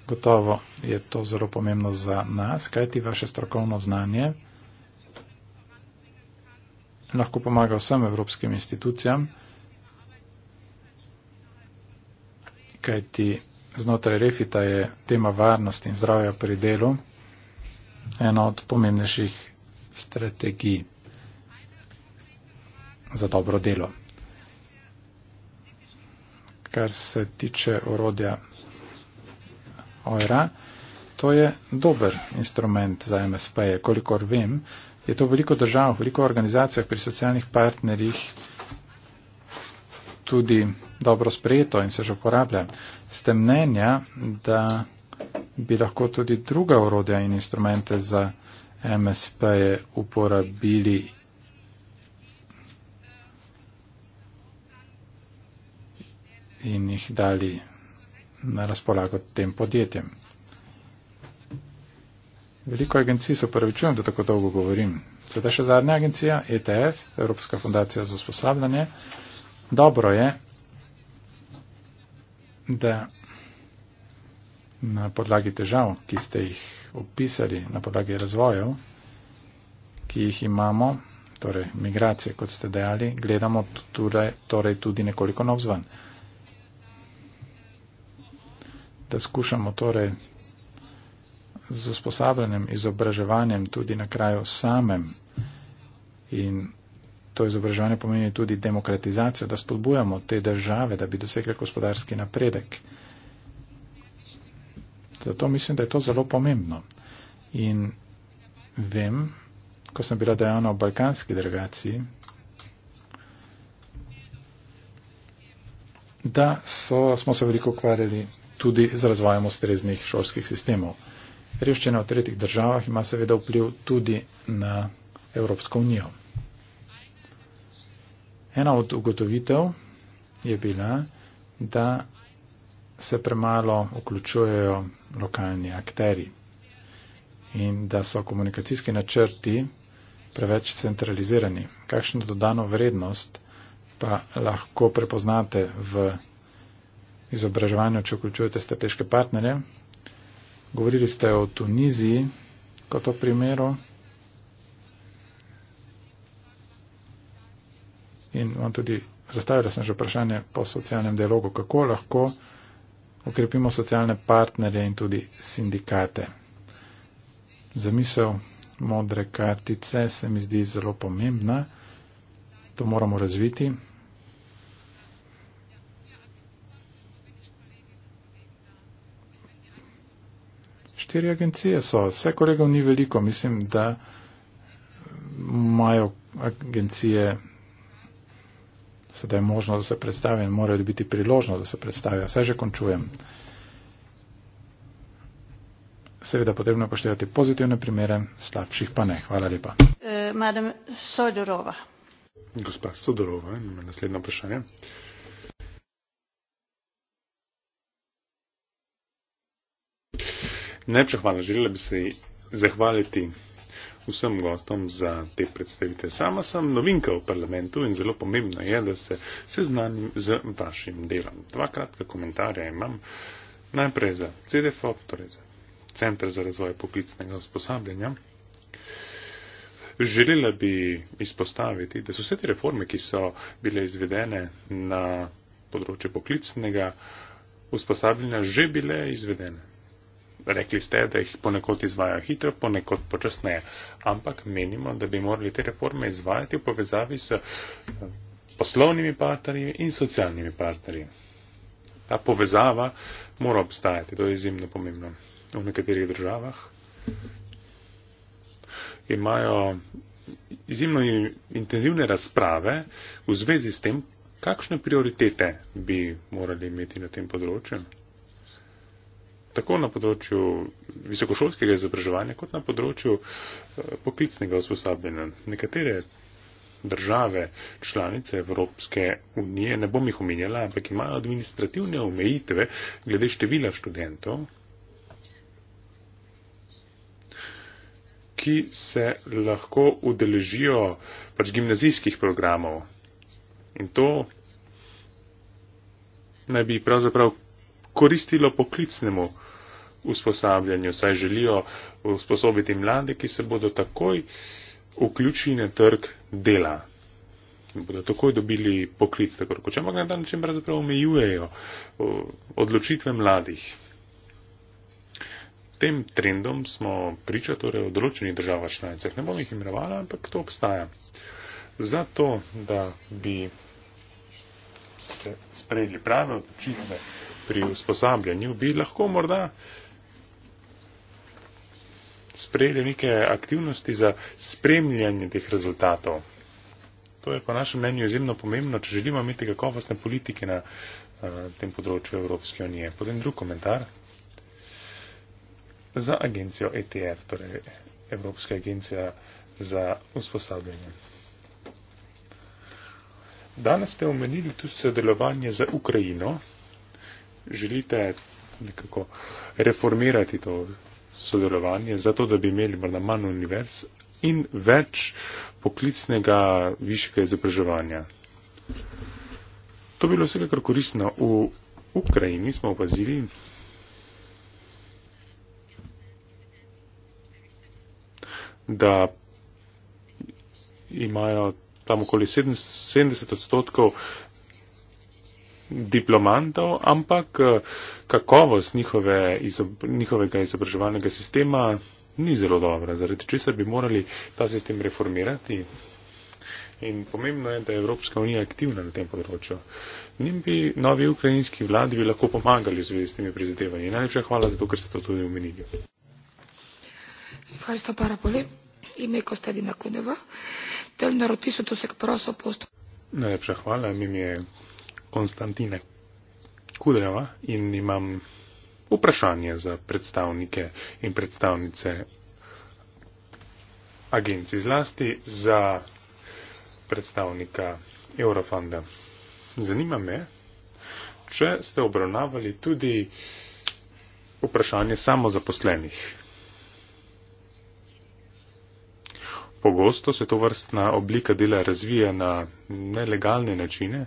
Gotovo je to zelo pomembno za nas, kajti vaše strokovno znanje lahko pomaga vsem evropskim institucijam, kajti znotraj refita je tema varnosti in zdravja pri delu ena od pomembnejših strategij za dobro delo. Kar se tiče orodja OERA, to je dober instrument za MSP. -je. Kolikor vem, je to veliko držav, veliko organizacij pri socialnih partnerjih tudi dobro sprejeto in se že uporablja. Ste mnenja, da bi lahko tudi druga orodja in instrumente za MSP uporabili in jih dali na razpolago tem podjetjem. Veliko agencij se upravičujem, da tako dolgo govorim. Sedaj še zadnja agencija, ETF, Evropska fundacija za usposabljanje. Dobro je, da na podlagi težav, ki ste jih opisali, na podlagi razvojev, ki jih imamo, torej migracije, kot ste dejali, gledamo torej tudi nekoliko navzven da skušamo torej z usposabljanjem, izobraževanjem tudi na kraju samem in to izobraževanje pomeni tudi demokratizacijo, da spodbujamo te države, da bi dosegli gospodarski napredek. Zato mislim, da je to zelo pomembno. In vem, ko sem bila dejavna v balkanski delegaciji, da so, smo se veliko ukvarjali tudi z razvojem ustreznih šolskih sistemov. Revščina v tretjih državah ima seveda vpliv tudi na Evropsko unijo. Ena od ugotovitev je bila, da se premalo vključujejo lokalni akteri in da so komunikacijski načrti preveč centralizirani. Kakšno dodano vrednost pa lahko prepoznate v izobraževanju, če vključujete strateške partnerje. Govorili ste o Tuniziji kot o primeru. In vam tudi zastavila sem že vprašanje po socialnem dialogu, kako lahko ukrepimo socialne partnerje in tudi sindikate. Zamisel modre kartice se mi zdi zelo pomembna. To moramo razviti. štiri agencije so, vse kolegov ni veliko, mislim, da imajo agencije sedaj možnost, da se predstavijo in morajo biti priložnost, da se predstavijo. Vse že končujem. Seveda potrebno je poštevati pozitivne primere, slabših pa ne. Hvala lepa. Uh, Madam Sodorova. Gospa Sodorova, ima naslednje vprašanje. Uh, Najprej hvala. Želela bi se zahvaliti vsem gostom za te predstavite. Sama sem novinka v parlamentu in zelo pomembno je, da se seznanim z vašim delom. Dva kratka komentarja imam. Najprej za CDFO, torej za Centr za razvoj poklicnega usposabljanja. Želela bi izpostaviti, da so vse te reforme, ki so bile izvedene na področju poklicnega usposabljanja, že bile izvedene rekli ste, da jih ponekod izvajajo hitro, ponekod počasneje. Ampak menimo, da bi morali te reforme izvajati v povezavi s eh, poslovnimi partnerji in socialnimi partnerji. Ta povezava mora obstajati, to je izjemno pomembno. V nekaterih državah imajo izjemno intenzivne razprave v zvezi s tem, kakšne prioritete bi morali imeti na tem področju tako na področju visokošolskega izobraževanja, kot na področju eh, poklicnega usposabljanja. Nekatere države članice Evropske unije, ne bom jih omenjala, ampak imajo administrativne omejitve glede števila študentov, ki se lahko udeležijo pač gimnazijskih programov. In to naj bi pravzaprav koristilo poklicnemu usposabljanju, saj želijo usposobiti mlade, ki se bodo takoj vključili na trg dela. Bodo takoj dobili poklic, tako kot ampak na dan način pravzaprav omejujejo odločitve mladih. Tem trendom smo priča torej v določenih državah članicah. Ne bom jih imenovala, ampak to obstaja. Zato, da bi se sprejeli prave odločitve pri usposabljanju, bi lahko morda sprejeli neke aktivnosti za spremljanje teh rezultatov. To je po našem mnenju izjemno pomembno, če želimo imeti kakovostne politike na eh, tem področju Evropske unije. Potem drug komentar za agencijo ETF, torej Evropska agencija za usposabljanje. Danes ste omenili tudi sodelovanje z Ukrajino. Želite nekako reformirati to sodelovanje, zato da bi imeli morda manj univerz in več poklicnega višjega izobraževanja. To bi bilo vsekakor koristno. V Ukrajini smo opazili, da imajo tam okoli 70 odstotkov diplomantov, ampak eh, kakovost njihove, izob, njihovega izobraževalnega sistema ni zelo dobra, zaradi česar bi morali ta sistem reformirati. In pomembno je, da je Evropska unija aktivna na tem področju. Njim bi novi ukrajinski vladi bi lahko pomagali v zvezi s temi prizadevanji. Najlepša hvala za to, ker ste to tudi omenili. Farsa Parapoli, ime Kostadina Kudeva, del narotisu to se k prosopostu. Najlepša hvala, mi je Konstantine Kudreva in imam vprašanje za predstavnike in predstavnice agencij zlasti za predstavnika Eurofonda. Zanima me, če ste obravnavali tudi vprašanje samozaposlenih. Pogosto se to vrstna oblika dela razvija na nelegalne načine,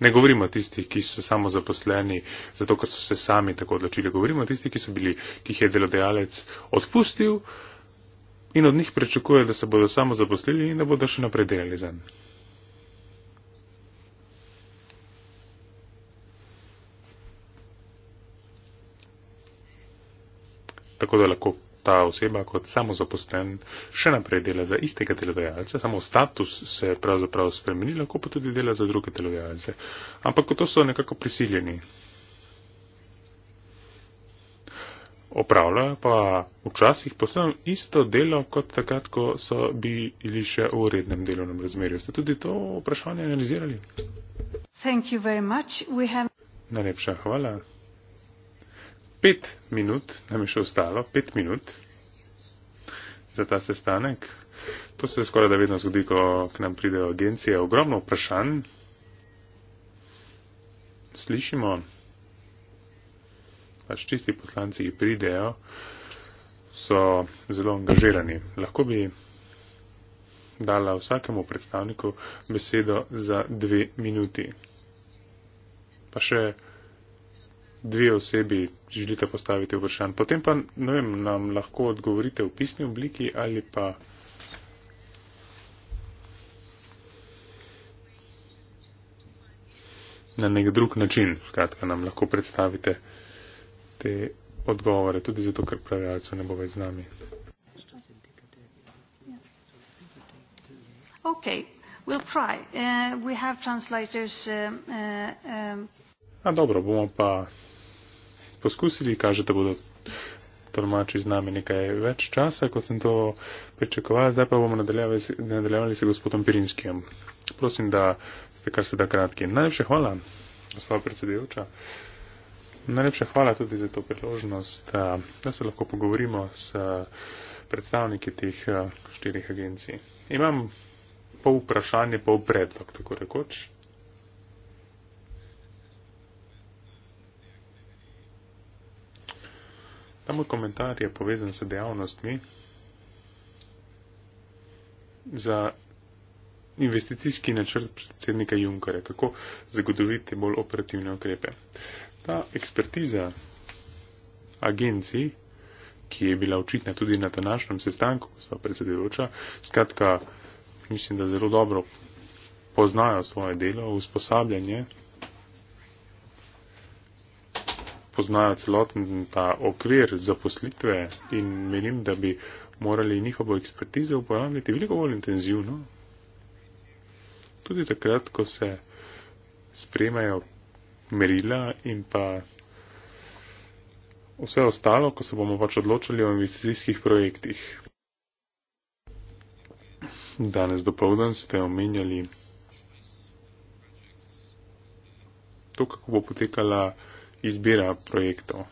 ne govorimo tistih, ki so samo zaposleni, zato ker so se sami tako odločili, govorimo tistih, ki so bili, ki jih je delodajalec odpustil in od njih prečakuje, da se bodo samo zaposlili in da bodo še naprej delali za njih. Tako da lahko ta oseba kot samozaposlen še naprej dela za istega delodajalca, samo status se je pravzaprav spremenil, lahko pa tudi dela za druge delodajalce. Ampak to so nekako prisiljeni. Opravljajo pa včasih posebno isto delo, kot takrat, ko so bili še v urednem delovnem razmerju. Ste tudi to vprašanje analizirali? Najlepša have... hvala pet minut, nam je še ostalo pet minut za ta sestanek. To se skoraj da vedno zgodi, ko k nam pridejo agencije. Ogromno vprašanj slišimo, pač čisti poslanci, ki pridejo, so zelo angažirani. Lahko bi dala vsakemu predstavniku besedo za dve minuti. Pa še dve osebi želite postaviti vprašanje. Potem pa ne vem, nam lahko odgovorite v pisni obliki ali pa. Na nek drug način, skratka, nam lahko predstavite te odgovore, tudi zato, ker prevajalcev ne bo več z nami. Okay. We'll uh, uh, uh, um, A, dobro, bomo pa poskusili, kaže, da bodo tolmači z nami nekaj več časa, kot sem to pričakoval. Zdaj pa bomo nadaljavali, nadaljavali se gospodom Pirinskim. Prosim, da ste kar se da kratki. Najlepša hvala, gospod predsedujoča. Najlepša hvala tudi za to priložnost, eh, da se lahko pogovorimo s eh, predstavniki teh eh, štirih agencij. Imam pol vprašanje, pol predlog, tako rekoč. Ta moj komentar je povezan s dejavnostmi za investicijski načrt predsednika Junkarja, kako zagotoviti bolj operativne ukrepe. Ta ekspertiza agencij, ki je bila očitna tudi na današnjem sestanku, ko so predsedujoča, skratka, mislim, da zelo dobro poznajo svoje delo, usposabljanje spoznajo celoten ta okvir zaposlitve in menim, da bi morali njihovo ekspertizo uporabljati veliko bolj intenzivno. Tudi takrat, ko se spremajo merila in pa vse ostalo, ko se bomo pač odločili o investicijskih projektih. Danes dopovdan ste omenjali to, kako bo potekala izbira projektov.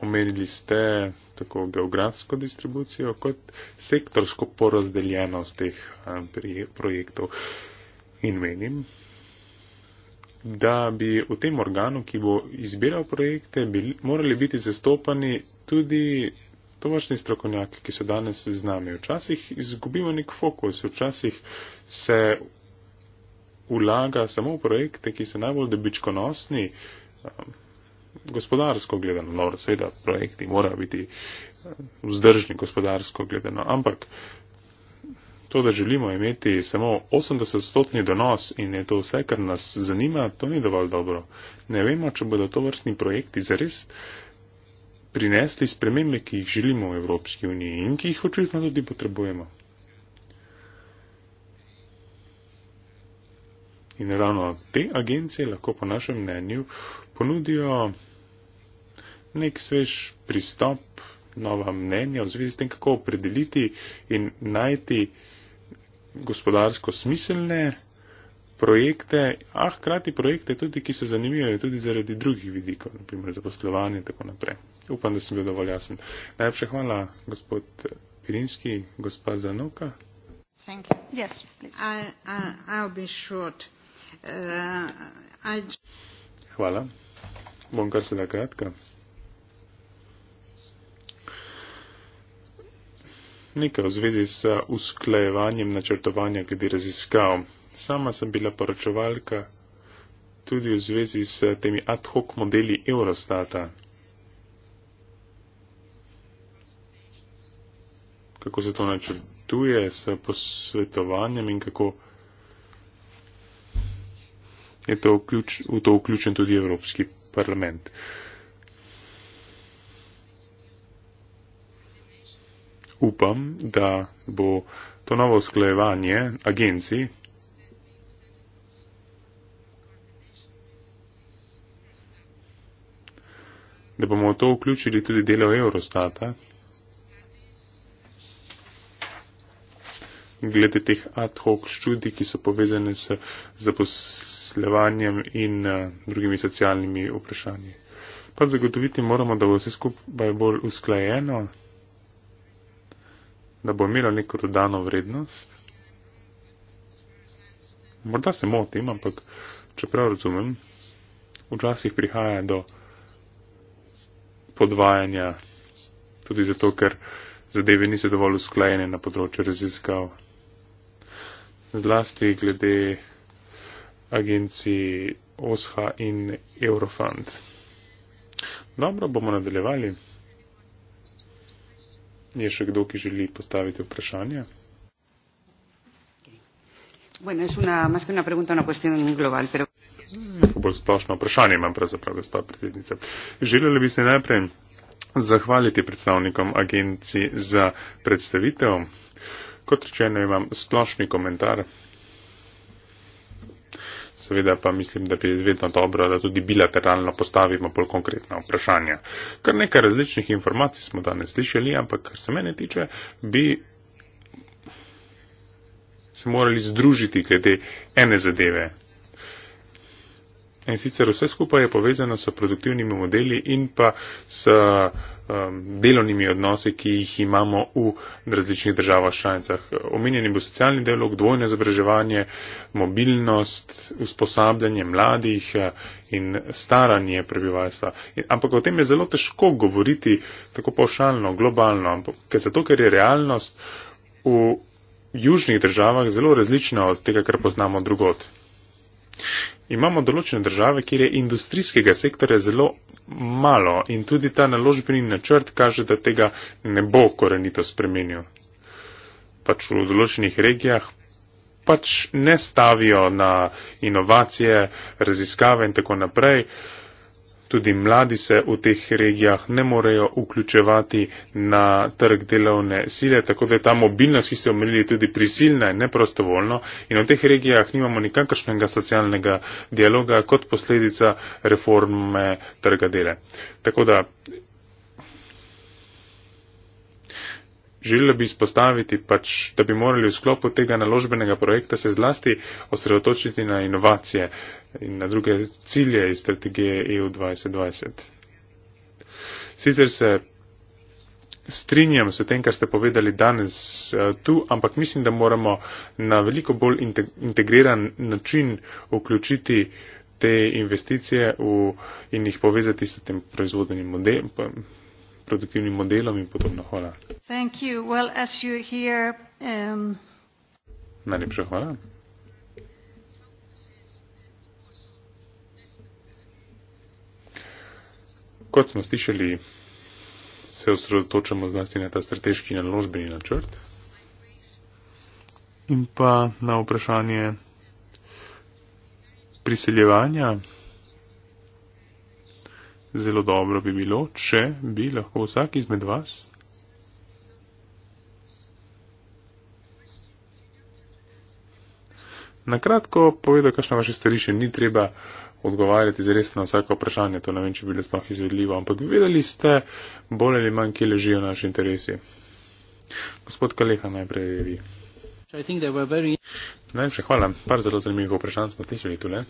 Omenili ste tako geografsko distribucijo kot sektorsko porazdeljenost teh eh, projektov. In menim, da bi v tem organu, ki bo izbiral projekte, bili, morali biti zastopani tudi tovršni strokovnjaki, ki so danes z nami. Včasih izgubimo nek fokus, včasih se vlaga samo v projekte, ki so najbolj debičkonosni, um, gospodarsko gledano, no, seveda projekti morajo biti um, vzdržni gospodarsko gledano, ampak to, da želimo imeti samo 80-stotni donos in je to vse, kar nas zanima, to ni dovolj dobro. Ne vemo, če bodo to vrstni projekti zares prinesli spremembe, ki jih želimo v Evropski uniji in ki jih očitno tudi potrebujemo. In ravno te agencije lahko po našem mnenju ponudijo nek svež pristop, nova mnenja v zvezi s tem, kako opredeliti in najti gospodarsko smiselne projekte, a hkrati projekte tudi, ki so zanimive tudi zaradi drugih vidikov, naprimer za poslovanje in tako naprej. Upam, da sem bil dovolj jasen. Najlepša hvala, gospod Pirinski, gospa Zanoka. Thank you. Yes, please. I, I, I'll be short. Uh, I... Hvala. Bom kar se da kratka. Nekaj v zvezi s usklajevanjem načrtovanja glede raziskav. Sama sem bila poročevalka tudi v zvezi s temi ad hoc modeli Eurostata. Kako se to načrtuje s posvetovanjem in kako je to vključ, v to vključen tudi Evropski parlament. Upam, da bo to novo sklejevanje agencij da bomo v to vključili tudi delo Eurostata, glede teh ad hoc študij, ki so povezane s zaposlevanjem in uh, drugimi socialnimi vprašanji. Pa zagotoviti moramo, da bo vse skupaj bolj usklajeno, da bo imelo neko dodano vrednost. Morda se motim, ampak čeprav razumem, včasih prihaja do podvajanja, tudi zato, ker zadeve niso dovolj usklajene na področju raziskav zlasti glede agencij OSHA in Eurofund. Dobro, bomo nadaljevali. Je še kdo, ki želi postaviti vprašanje? Bueno, es una, más que una pregunta, una cuestión global, pero... Neko bolj splošno vprašanje imam pravzaprav, gospod predsednica. Želeli bi se najprej zahvaliti predstavnikom agencij za predstavitev kot rečeno imam splošni komentar. Seveda pa mislim, da bi je izvedno dobro, da tudi bilateralno postavimo bolj konkretna vprašanja. Kar nekaj različnih informacij smo danes slišali, ampak kar se mene tiče, bi se morali združiti glede ene zadeve, In sicer vse skupaj je povezano s produktivnimi modeli in pa s um, delovnimi odnosi, ki jih imamo v različnih državah članicah. Omenjeni bo socialni delog, dvojno izobraževanje, mobilnost, usposabljanje mladih eh, in staranje prebivalstva. Ampak o tem je zelo težko govoriti tako pošalno, globalno, ker zato, ker je realnost v južnih državah zelo različna od tega, kar poznamo drugot imamo določene države, kjer je industrijskega sektorja zelo malo in tudi ta naložbeni načrt kaže, da tega ne bo korenito spremenil. Pač v določenih regijah pač ne stavijo na inovacije, raziskave in tako naprej. Uh, Tudi mladi se v teh regijah ne morejo vključevati na trg delovne sile, tako da je ta mobilnost, ki ste omenili, tudi prisilna in neprostovoljno. In v teh regijah nimamo nikakršnega socialnega dialoga kot posledica reforme trga dele. Tako da želela bi izpostaviti, pač, da bi morali v sklopu tega naložbenega projekta se zlasti osredotočiti na inovacije in na druge cilje iz strategije EU 2020. Sicer se strinjam s tem, kar ste povedali danes eh, tu, ampak mislim, da moramo na veliko bolj integriran način vključiti te investicije v, in jih povezati s tem proizvodnim modelom produktivnim modelom in podobno. Hvala. Well, hear, um... Najlepša hvala. Kot smo slišali, se osredotočamo zlasti na ta strateški naložbeni načrt in pa na vprašanje priseljevanja zelo dobro bi bilo, če bi lahko vsak izmed vas na kratko povedal, kakšno vaše stališče ni treba odgovarjati zares na vsako vprašanje, to ne vem, če bi bilo sploh izvedljivo, ampak vedeli ste bolj ali manj, kje ležijo naši interesi. Gospod Kaleha, najprej vi. Very... Najlepše hvala, par zelo zanimivih vprašanj smo slišali tule.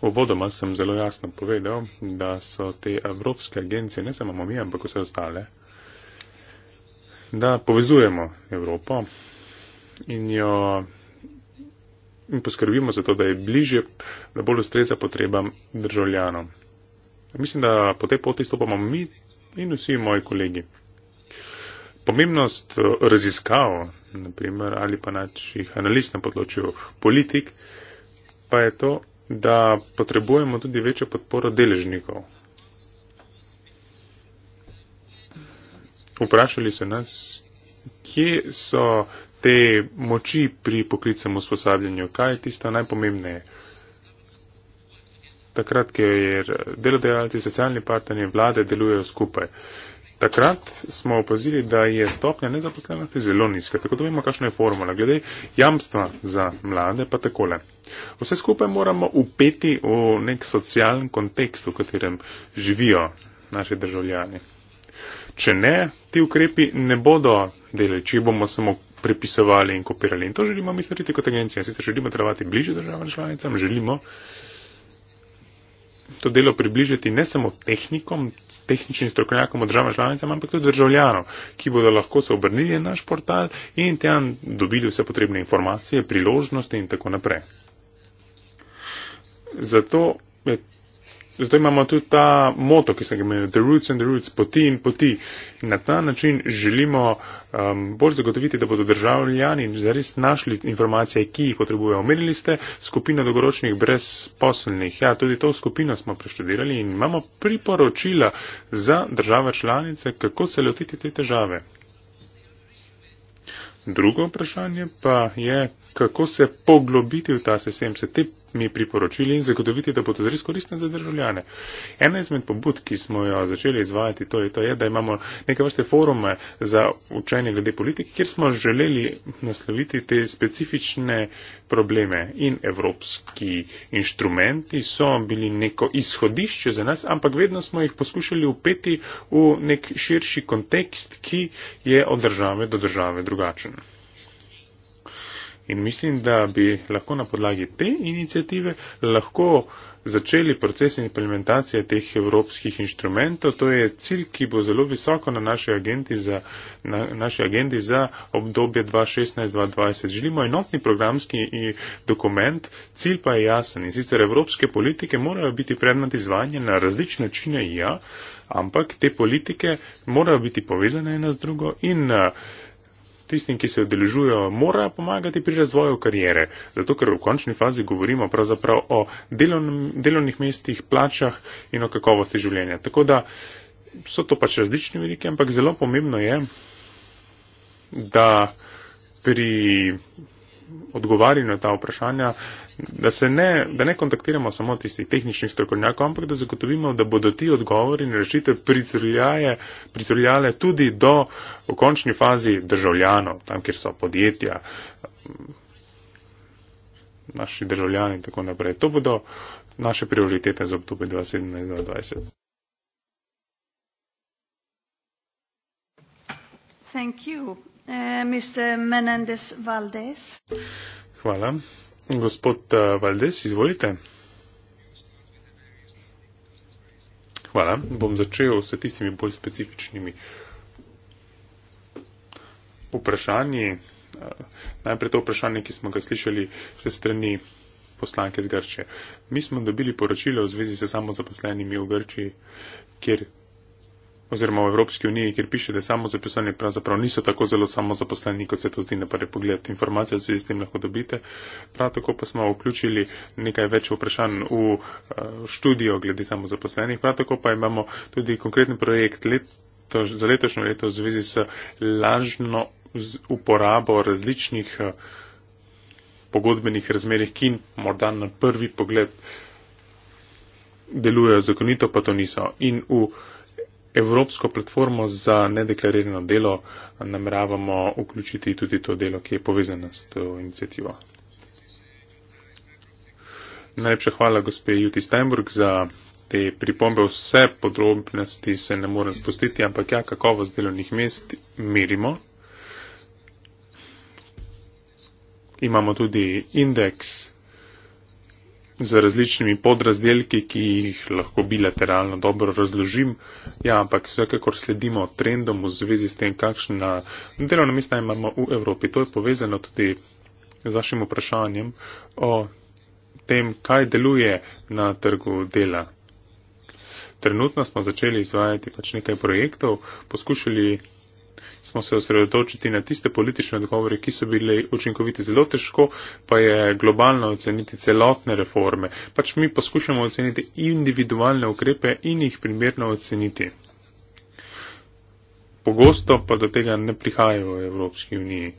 Uvodoma sem zelo jasno povedal, da so te evropske agencije, ne samo mi, ampak vse ostale, da povezujemo Evropo in jo in poskrbimo za to, da je bliže, da bolj ustreza potrebam državljanom. Mislim, da po tej poti stopamo mi in vsi moji kolegi. Pomembnost eh, raziskav, naprimer, ali pa naših analiz na področju politik, pa je to, da potrebujemo tudi večjo podporo deležnikov. Vprašali so nas, kje so te moči pri poklicem usposabljanju, kaj je tisto najpomembneje. Takrat, ker delodajalci, socialni partnerji in vlade delujejo skupaj. Takrat smo opazili, da je stopnja nezaposlenosti zelo nizka, tako da vemo, kakšna je formula. Glede jamstva za mlade pa takole. Vse skupaj moramo upeti v nek socialni kontekst, v katerem živijo naši državljani. Če ne, ti ukrepi ne bodo delali, če bomo samo prepisovali in kopirali. In to želimo mi storiti kot agencija. Sicer želimo trvati bliže državam članicam, želimo to delo približati ne samo tehnikom, tehničnim strokovnjakom od državam članicam, ampak tudi državljanom, ki bodo lahko se obrnili na naš portal in tam dobili vse potrebne informacije, priložnosti in tako naprej. Zato je Zato imamo tudi ta moto, ki se ga imenuje The Roots and the Roots, poti in poti. In na ta način želimo um, bolj zagotoviti, da bodo državljani zares našli informacije, ki jih potrebujejo. Omenili ste skupino dogoročnih brezposelnih. Ja, tudi to skupino smo preštudirali in imamo priporočila za države članice, kako se lotiti te težave. Drugo vprašanje pa je, kako se poglobiti v ta sistem, se te mi priporočili in zagotoviti, da bodo res koristne za državljane. Ena izmed pobud, ki smo jo začeli izvajati, to je, to je da imamo neke vrste forume za učenje glede politik, kjer smo želeli nasloviti te specifične probleme in evropski inštrumenti so bili neko izhodišče za nas, ampak vedno smo jih poskušali upeti v nek širši kontekst, ki je od države do države drugačen. In mislim, da bi lahko na podlagi te inicijative lahko začeli proces implementacije teh evropskih inštrumentov. To je cilj, ki bo zelo visoko na naši agendi za, na, naši agendi za obdobje 2016-2020. Želimo enotni programski e, dokument, cilj pa je jasen. In sicer evropske politike morajo biti predmet izvanja na različne načine, ja, ampak te politike morajo biti povezane ena z drugo in uh, tistim, ki se odeležujejo, mora pomagati pri razvoju karijere. Zato, ker v končni fazi govorimo pravzaprav o delovnem, delovnih mestih, plačah in o kakovosti življenja. Tako da so to pač različni vidiki, ampak zelo pomembno je, da pri odgovarja na ta vprašanja, da, ne, da ne kontaktiramo samo tistih tehničnih strokovnjakov, ampak da zagotovimo, da bodo ti odgovori in rešitve pricrljale tudi do v končni fazi državljanov, tam, kjer so podjetja, naši državljani in tako naprej. To bodo naše prioritete za obdobje 2017-2020. Thank you. Eh, Hvala. Gospod eh, Valdes, izvolite. Hvala. Bom začel s tistimi bolj specifičnimi vprašanji. Eh, najprej to vprašanje, ki smo ga slišali se strani poslanke z Grče. Mi smo dobili poročilo v zvezi s samozaposlenimi v Grči, kjer oziroma v Evropski uniji, kjer piše, da samozaposleni pravzaprav niso tako zelo samozaposleni, kot se to zdi na prvi pogled. Informacije v zvezi s tem lahko dobite. Prav tako pa smo vključili nekaj več vprašanj v eh, študijo glede samozaposlenih. Prav tako pa imamo tudi konkreten projekt leto, za letošnjo leto v zvezi s lažno uporabo različnih eh, pogodbenih razmerih, ki morda na prvi pogled delujejo zakonito, pa to niso. In v Evropsko platformo za nedeklarirano delo nameravamo vključiti tudi to delo, ki je povezano s to inicijativo. Najlepša hvala, gospe Juti Steinburg, za te pripombe. Vse podrobnosti se ne morem spustiti, ampak ja, kakovost delovnih mest merimo. Imamo tudi indeks z različnimi podrazdelki, ki jih lahko bilateralno dobro razložim. Ja, ampak vsekakor sledimo trendom v zvezi s tem, kakšna delovna mesta imamo v Evropi. To je povezano tudi z vašim vprašanjem o tem, kaj deluje na trgu dela. Trenutno smo začeli izvajati pač nekaj projektov, poskušali smo se osredotočiti na tiste politične odgovore, ki so bile učinkoviti. Zelo težko pa je globalno oceniti celotne reforme. Pač mi poskušamo oceniti individualne ukrepe in jih primerno oceniti. Pogosto pa do tega ne prihaja v Evropski uniji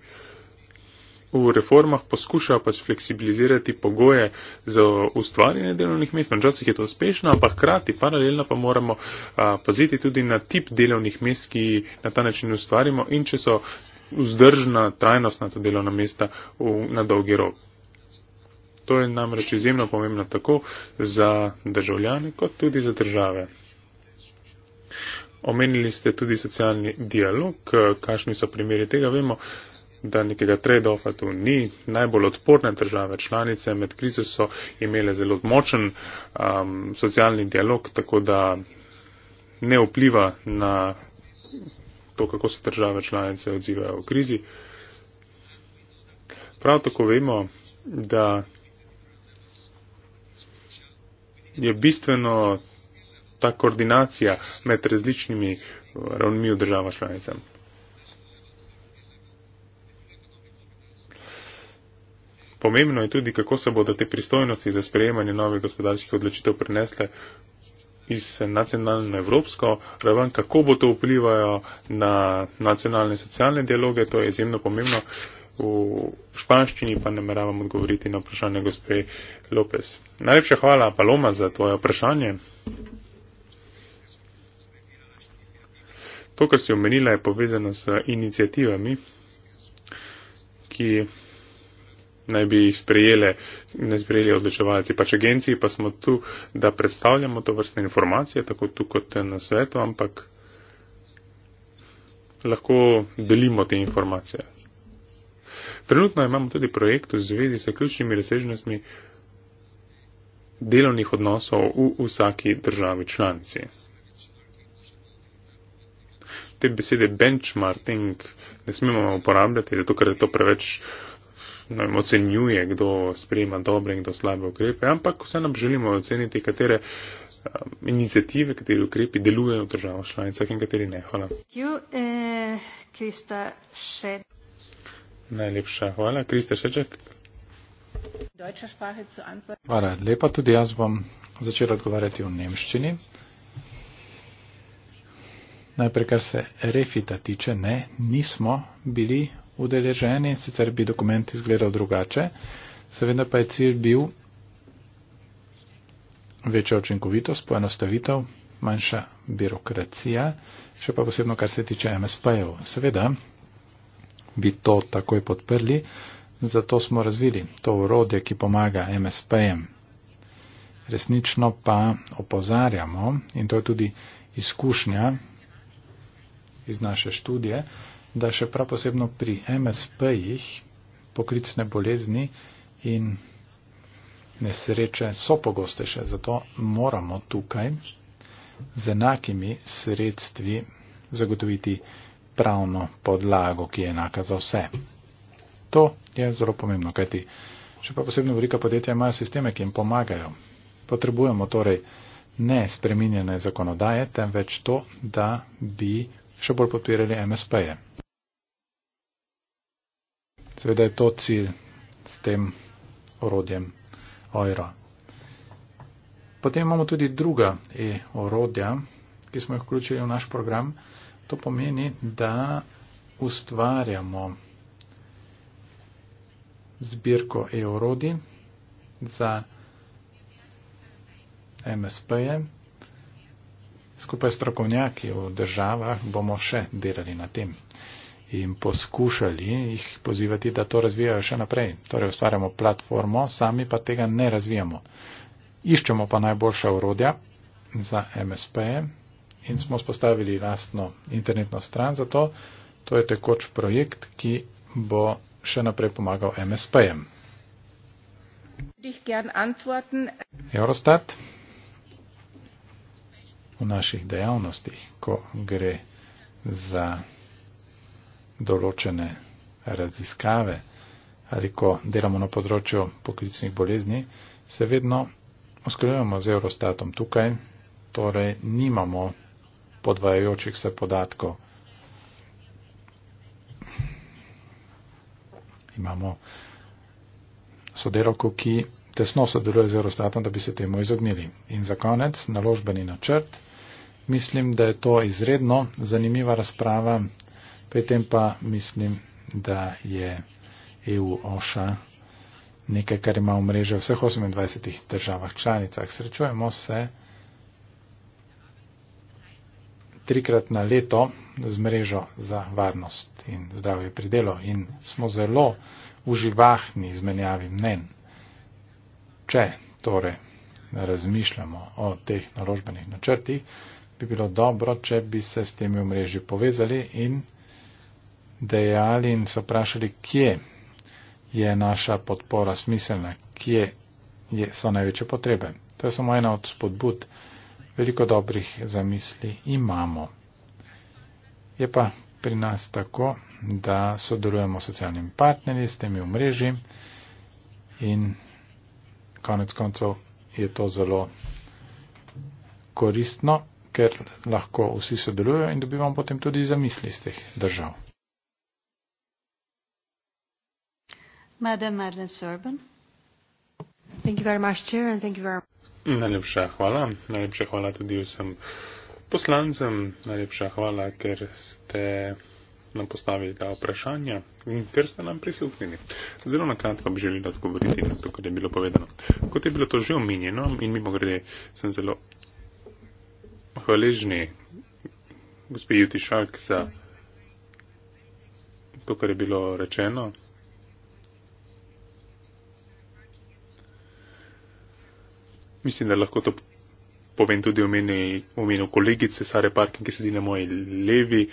v reformah poskušajo pač fleksibilizirati pogoje za ustvarjanje delovnih mest. Včasih je to uspešno, ampak hkrati paralelno pa moramo a, paziti tudi na tip delovnih mest, ki na ta način ustvarimo in če so vzdržna, trajnostna ta delovna mesta v, na dolgi rok. To je namreč izjemno pomembno tako za državljane, kot tudi za države. Omenili ste tudi socialni dialog, kakšni so primeri tega, vemo, da nekega trade-offa tu ni. Najbolj odporne države članice med krizo so imele zelo močen um, socialni dialog, tako da ne vpliva na to, kako se države članice odzivajo v krizi. Prav tako vemo, da je bistveno ta koordinacija med različnimi ravnmi v državah članicam. Pomembno je tudi, kako se bodo te pristojnosti za sprejemanje novih gospodarskih odločitev prenesle iz nacionalno na evropsko raven, kako bo to vplivalo na nacionalne socialne dialoge, to je izjemno pomembno. V španščini pa nameravam odgovoriti na vprašanje gospe Lopez. Najlepša hvala, Paloma, za tvoje vprašanje. To, kar si omenila, je povezano s inicijativami, ki naj bi jih sprejele, ne sprejeli odločevalci, pač agenciji, pa smo tu, da predstavljamo to vrstne informacije, tako tu kot na svetu, ampak lahko delimo te informacije. Trenutno imamo tudi projekt v zvezi s ključnimi razsežnostmi delovnih odnosov v vsaki državi članici. Te besede benchmarking ne smemo uporabljati, zato ker je to preveč uh, vem, ocenjuje, kdo sprejema dobre in kdo slabe ukrepe, ampak vse nam želimo oceniti, katere um, inicijative, kateri ukrepi delujejo v državah članicah in kateri ne. Hvala. Eh, Najlepša hvala. Krista Šeček. Hvala lepa, tudi jaz bom začela odgovarjati v nemščini. Najprej, kar se refita tiče, ne, nismo bili udeleženi, sicer bi dokument izgledal drugače. Seveda pa je cilj bil večja učinkovitost, poenostavitev, manjša birokracija, še pa posebno kar se tiče MSP-jev. Seveda bi to takoj podprli, zato smo razvili to urodje, ki pomaga MSP-jem. Resnično pa opozarjamo, in to je tudi izkušnja iz naše študije, da še prav posebno pri MSP-jih poklicne bolezni in nesreče so pogostejše, zato moramo tukaj z enakimi sredstvi zagotoviti pravno podlago, ki je enaka za vse. To je zelo pomembno, kajti še pa posebno velika podjetja imajo sisteme, ki jim pomagajo. Potrebujemo torej ne spreminjene zakonodaje, temveč to, da bi še bolj podpirali MSP-je. Seveda je to cilj s tem orodjem OIRA. Potem imamo tudi druga e-orodja, ki smo jih vključili v naš program. To pomeni, da ustvarjamo zbirko e-orodi za MSP-je. Skupaj s trokovnjaki v državah bomo še delali na tem in poskušali jih pozivati, da to razvijajo še naprej. Torej ustvarjamo platformo, sami pa tega ne razvijamo. Iščemo pa najboljša urodja za MSP in smo spostavili lastno internetno stran za to. To je tekoč projekt, ki bo še naprej pomagal MSP-jem. Eurostat v naših dejavnostih, ko gre za določene raziskave ali ko delamo na področju poklicnih bolezni, se vedno usklajujemo z Eurostatom tukaj, torej nimamo podvajajočih se podatkov. Imamo sodelovko, ki tesno sodeluje z Eurostatom, da bi se temu izognili. In za konec, naložbeni načrt. Mislim, da je to izredno zanimiva razprava, Potem pa mislim, da je EU OŠA nekaj, kar ima v mreže v vseh 28 državah članicah. Srečujemo se trikrat na leto z mrežo za varnost in zdravje pri delu in smo zelo uživahni izmenjavi mnen. Če torej razmišljamo o teh naložbenih načrtih, bi bilo dobro, če bi se s temi omrežji povezali in dejali in so vprašali, kje je naša podpora smiselna, kje je, so največje potrebe. To je samo ena od spodbud. Veliko dobrih zamisli imamo. Je pa pri nas tako, da sodelujemo s socialnimi partnerji, s temi v mreži in konec koncev je to zelo koristno, ker lahko vsi sodelujejo in dobivamo potem tudi zamisli iz teh držav. Madam Madeleine Serban. Thank you very much, Chair, and thank you very Najlepša hvala. Najlepša hvala tudi vsem poslancem. Najlepša hvala, ker ste nam postavili ta vprašanja in ker ste nam prisluhnili. Zelo na kratko bi želeli odgovoriti na to, kar je bilo povedano. Kot je bilo to že omenjeno in mimo grede sem zelo hvaležni gospe Juti Šalk za to, kar je bilo rečeno, mislim, da lahko to povem tudi v imenu kolegice Sare Parkin, ki sedi na moji levi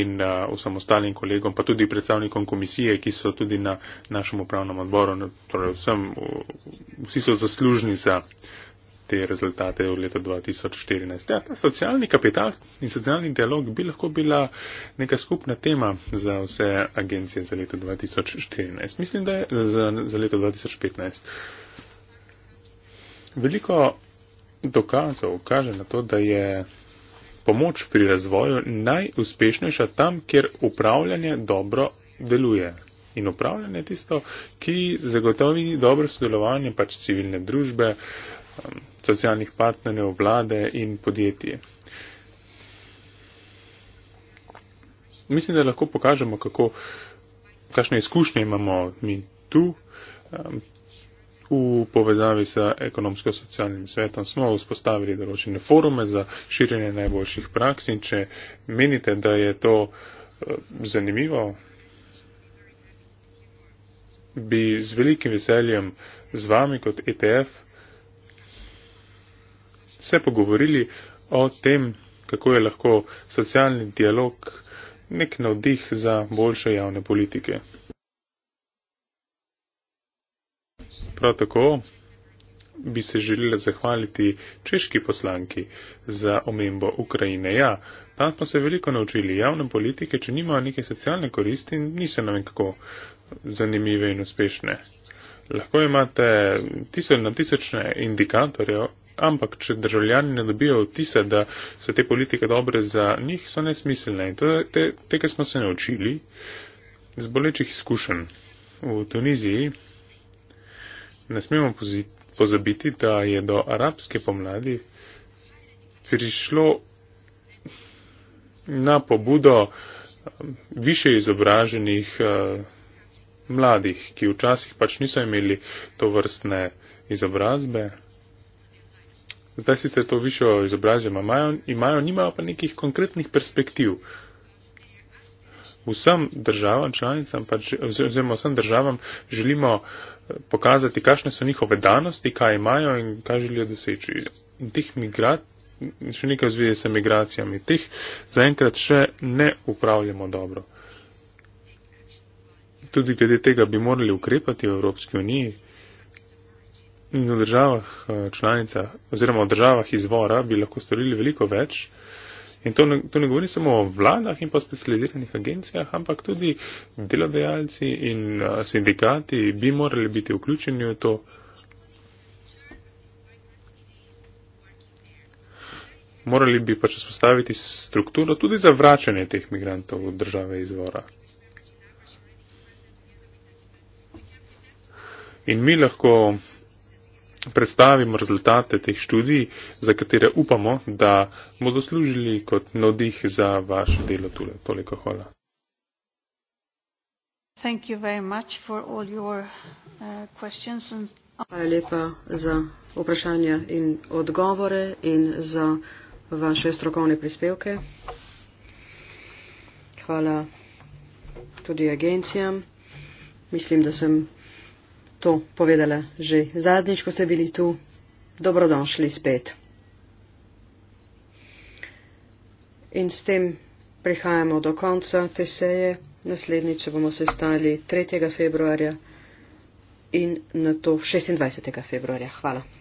in uh, vsem ostalim kolegom, pa tudi predstavnikom komisije, ki so tudi na našem upravnem odboru. No, torej vsem, vsi so zaslužni za te rezultate v leta 2014. Ja, ta socialni kapital in socialni dialog bi lahko bila neka skupna tema za vse agencije za leto 2014. Mislim, da je za, za leto 2015. Veliko dokazov kaže na to, da je pomoč pri razvoju najuspešnejša tam, kjer upravljanje dobro deluje. In upravljanje je tisto, ki zagotovi dobro sodelovanje pač civilne družbe, um, socialnih partnerjev, vlade in podjetij. Mislim, da lahko pokažemo, kako, kakšne izkušnje imamo mi tu, um, v povezavi s ekonomsko-socialnim svetom smo vzpostavili določene forume za širjenje najboljših praks in če menite, da je to eh, zanimivo, bi z velikim veseljem z vami kot ETF se pogovorili o tem, kako je lahko socialni dialog nek navdih za boljše javne politike. Prav tako bi se želela zahvaliti češki poslanki za omembo Ukrajine. Ja, tam smo se veliko naučili javne politike, če nimajo neke socialne koristi, niso nam kako zanimive in uspešne. Lahko imate tisoč na tisočne indikatorje, ampak če državljani ne dobijo vtisa, da so te politike dobre za njih, so nesmiselne. In to je te, te, kar smo se naučili z bolečih izkušenj v Tuniziji ne smemo pozabiti, da je do arabske pomladi prišlo na pobudo um, više izobraženih uh, mladih, ki včasih pač niso imeli to vrstne izobrazbe. Zdaj sicer to višjo izobrazbo imajo, imajo, nimajo pa nekih konkretnih perspektiv vsem državam članicam, pač, oziroma vsem državam želimo eh, pokazati, kakšne so njihove danosti, kaj imajo in kaj želijo doseči. In teh migrat, še nekaj zvezi s migracijami, teh zaenkrat še ne upravljamo dobro. Tudi glede tega bi morali ukrepati v Evropski uniji in v državah eh, članica, oziroma v državah izvora bi lahko storili veliko več. In to ne, to ne govori samo o vladah in pa specializiranih agencijah, ampak tudi delodajalci in uh, sindikati bi morali biti vključeni v to. Morali bi pač vzpostaviti strukturo tudi za vračanje teh migrantov v države izvora. In mi lahko predstavimo rezultate teh študij, za katere upamo, da bodo služili kot navdih za vaše delo tule. Toliko hvala. Uh, hvala lepa za vprašanja in odgovore in za vaše strokovne prispevke. Hvala tudi agencijam. Mislim, da sem to povedala že zadnjič, ko ste bili tu. Dobrodošli spet. In s tem prihajamo do konca te seje. Naslednjič bomo se stali 3. februarja in na to 26. februarja. Hvala.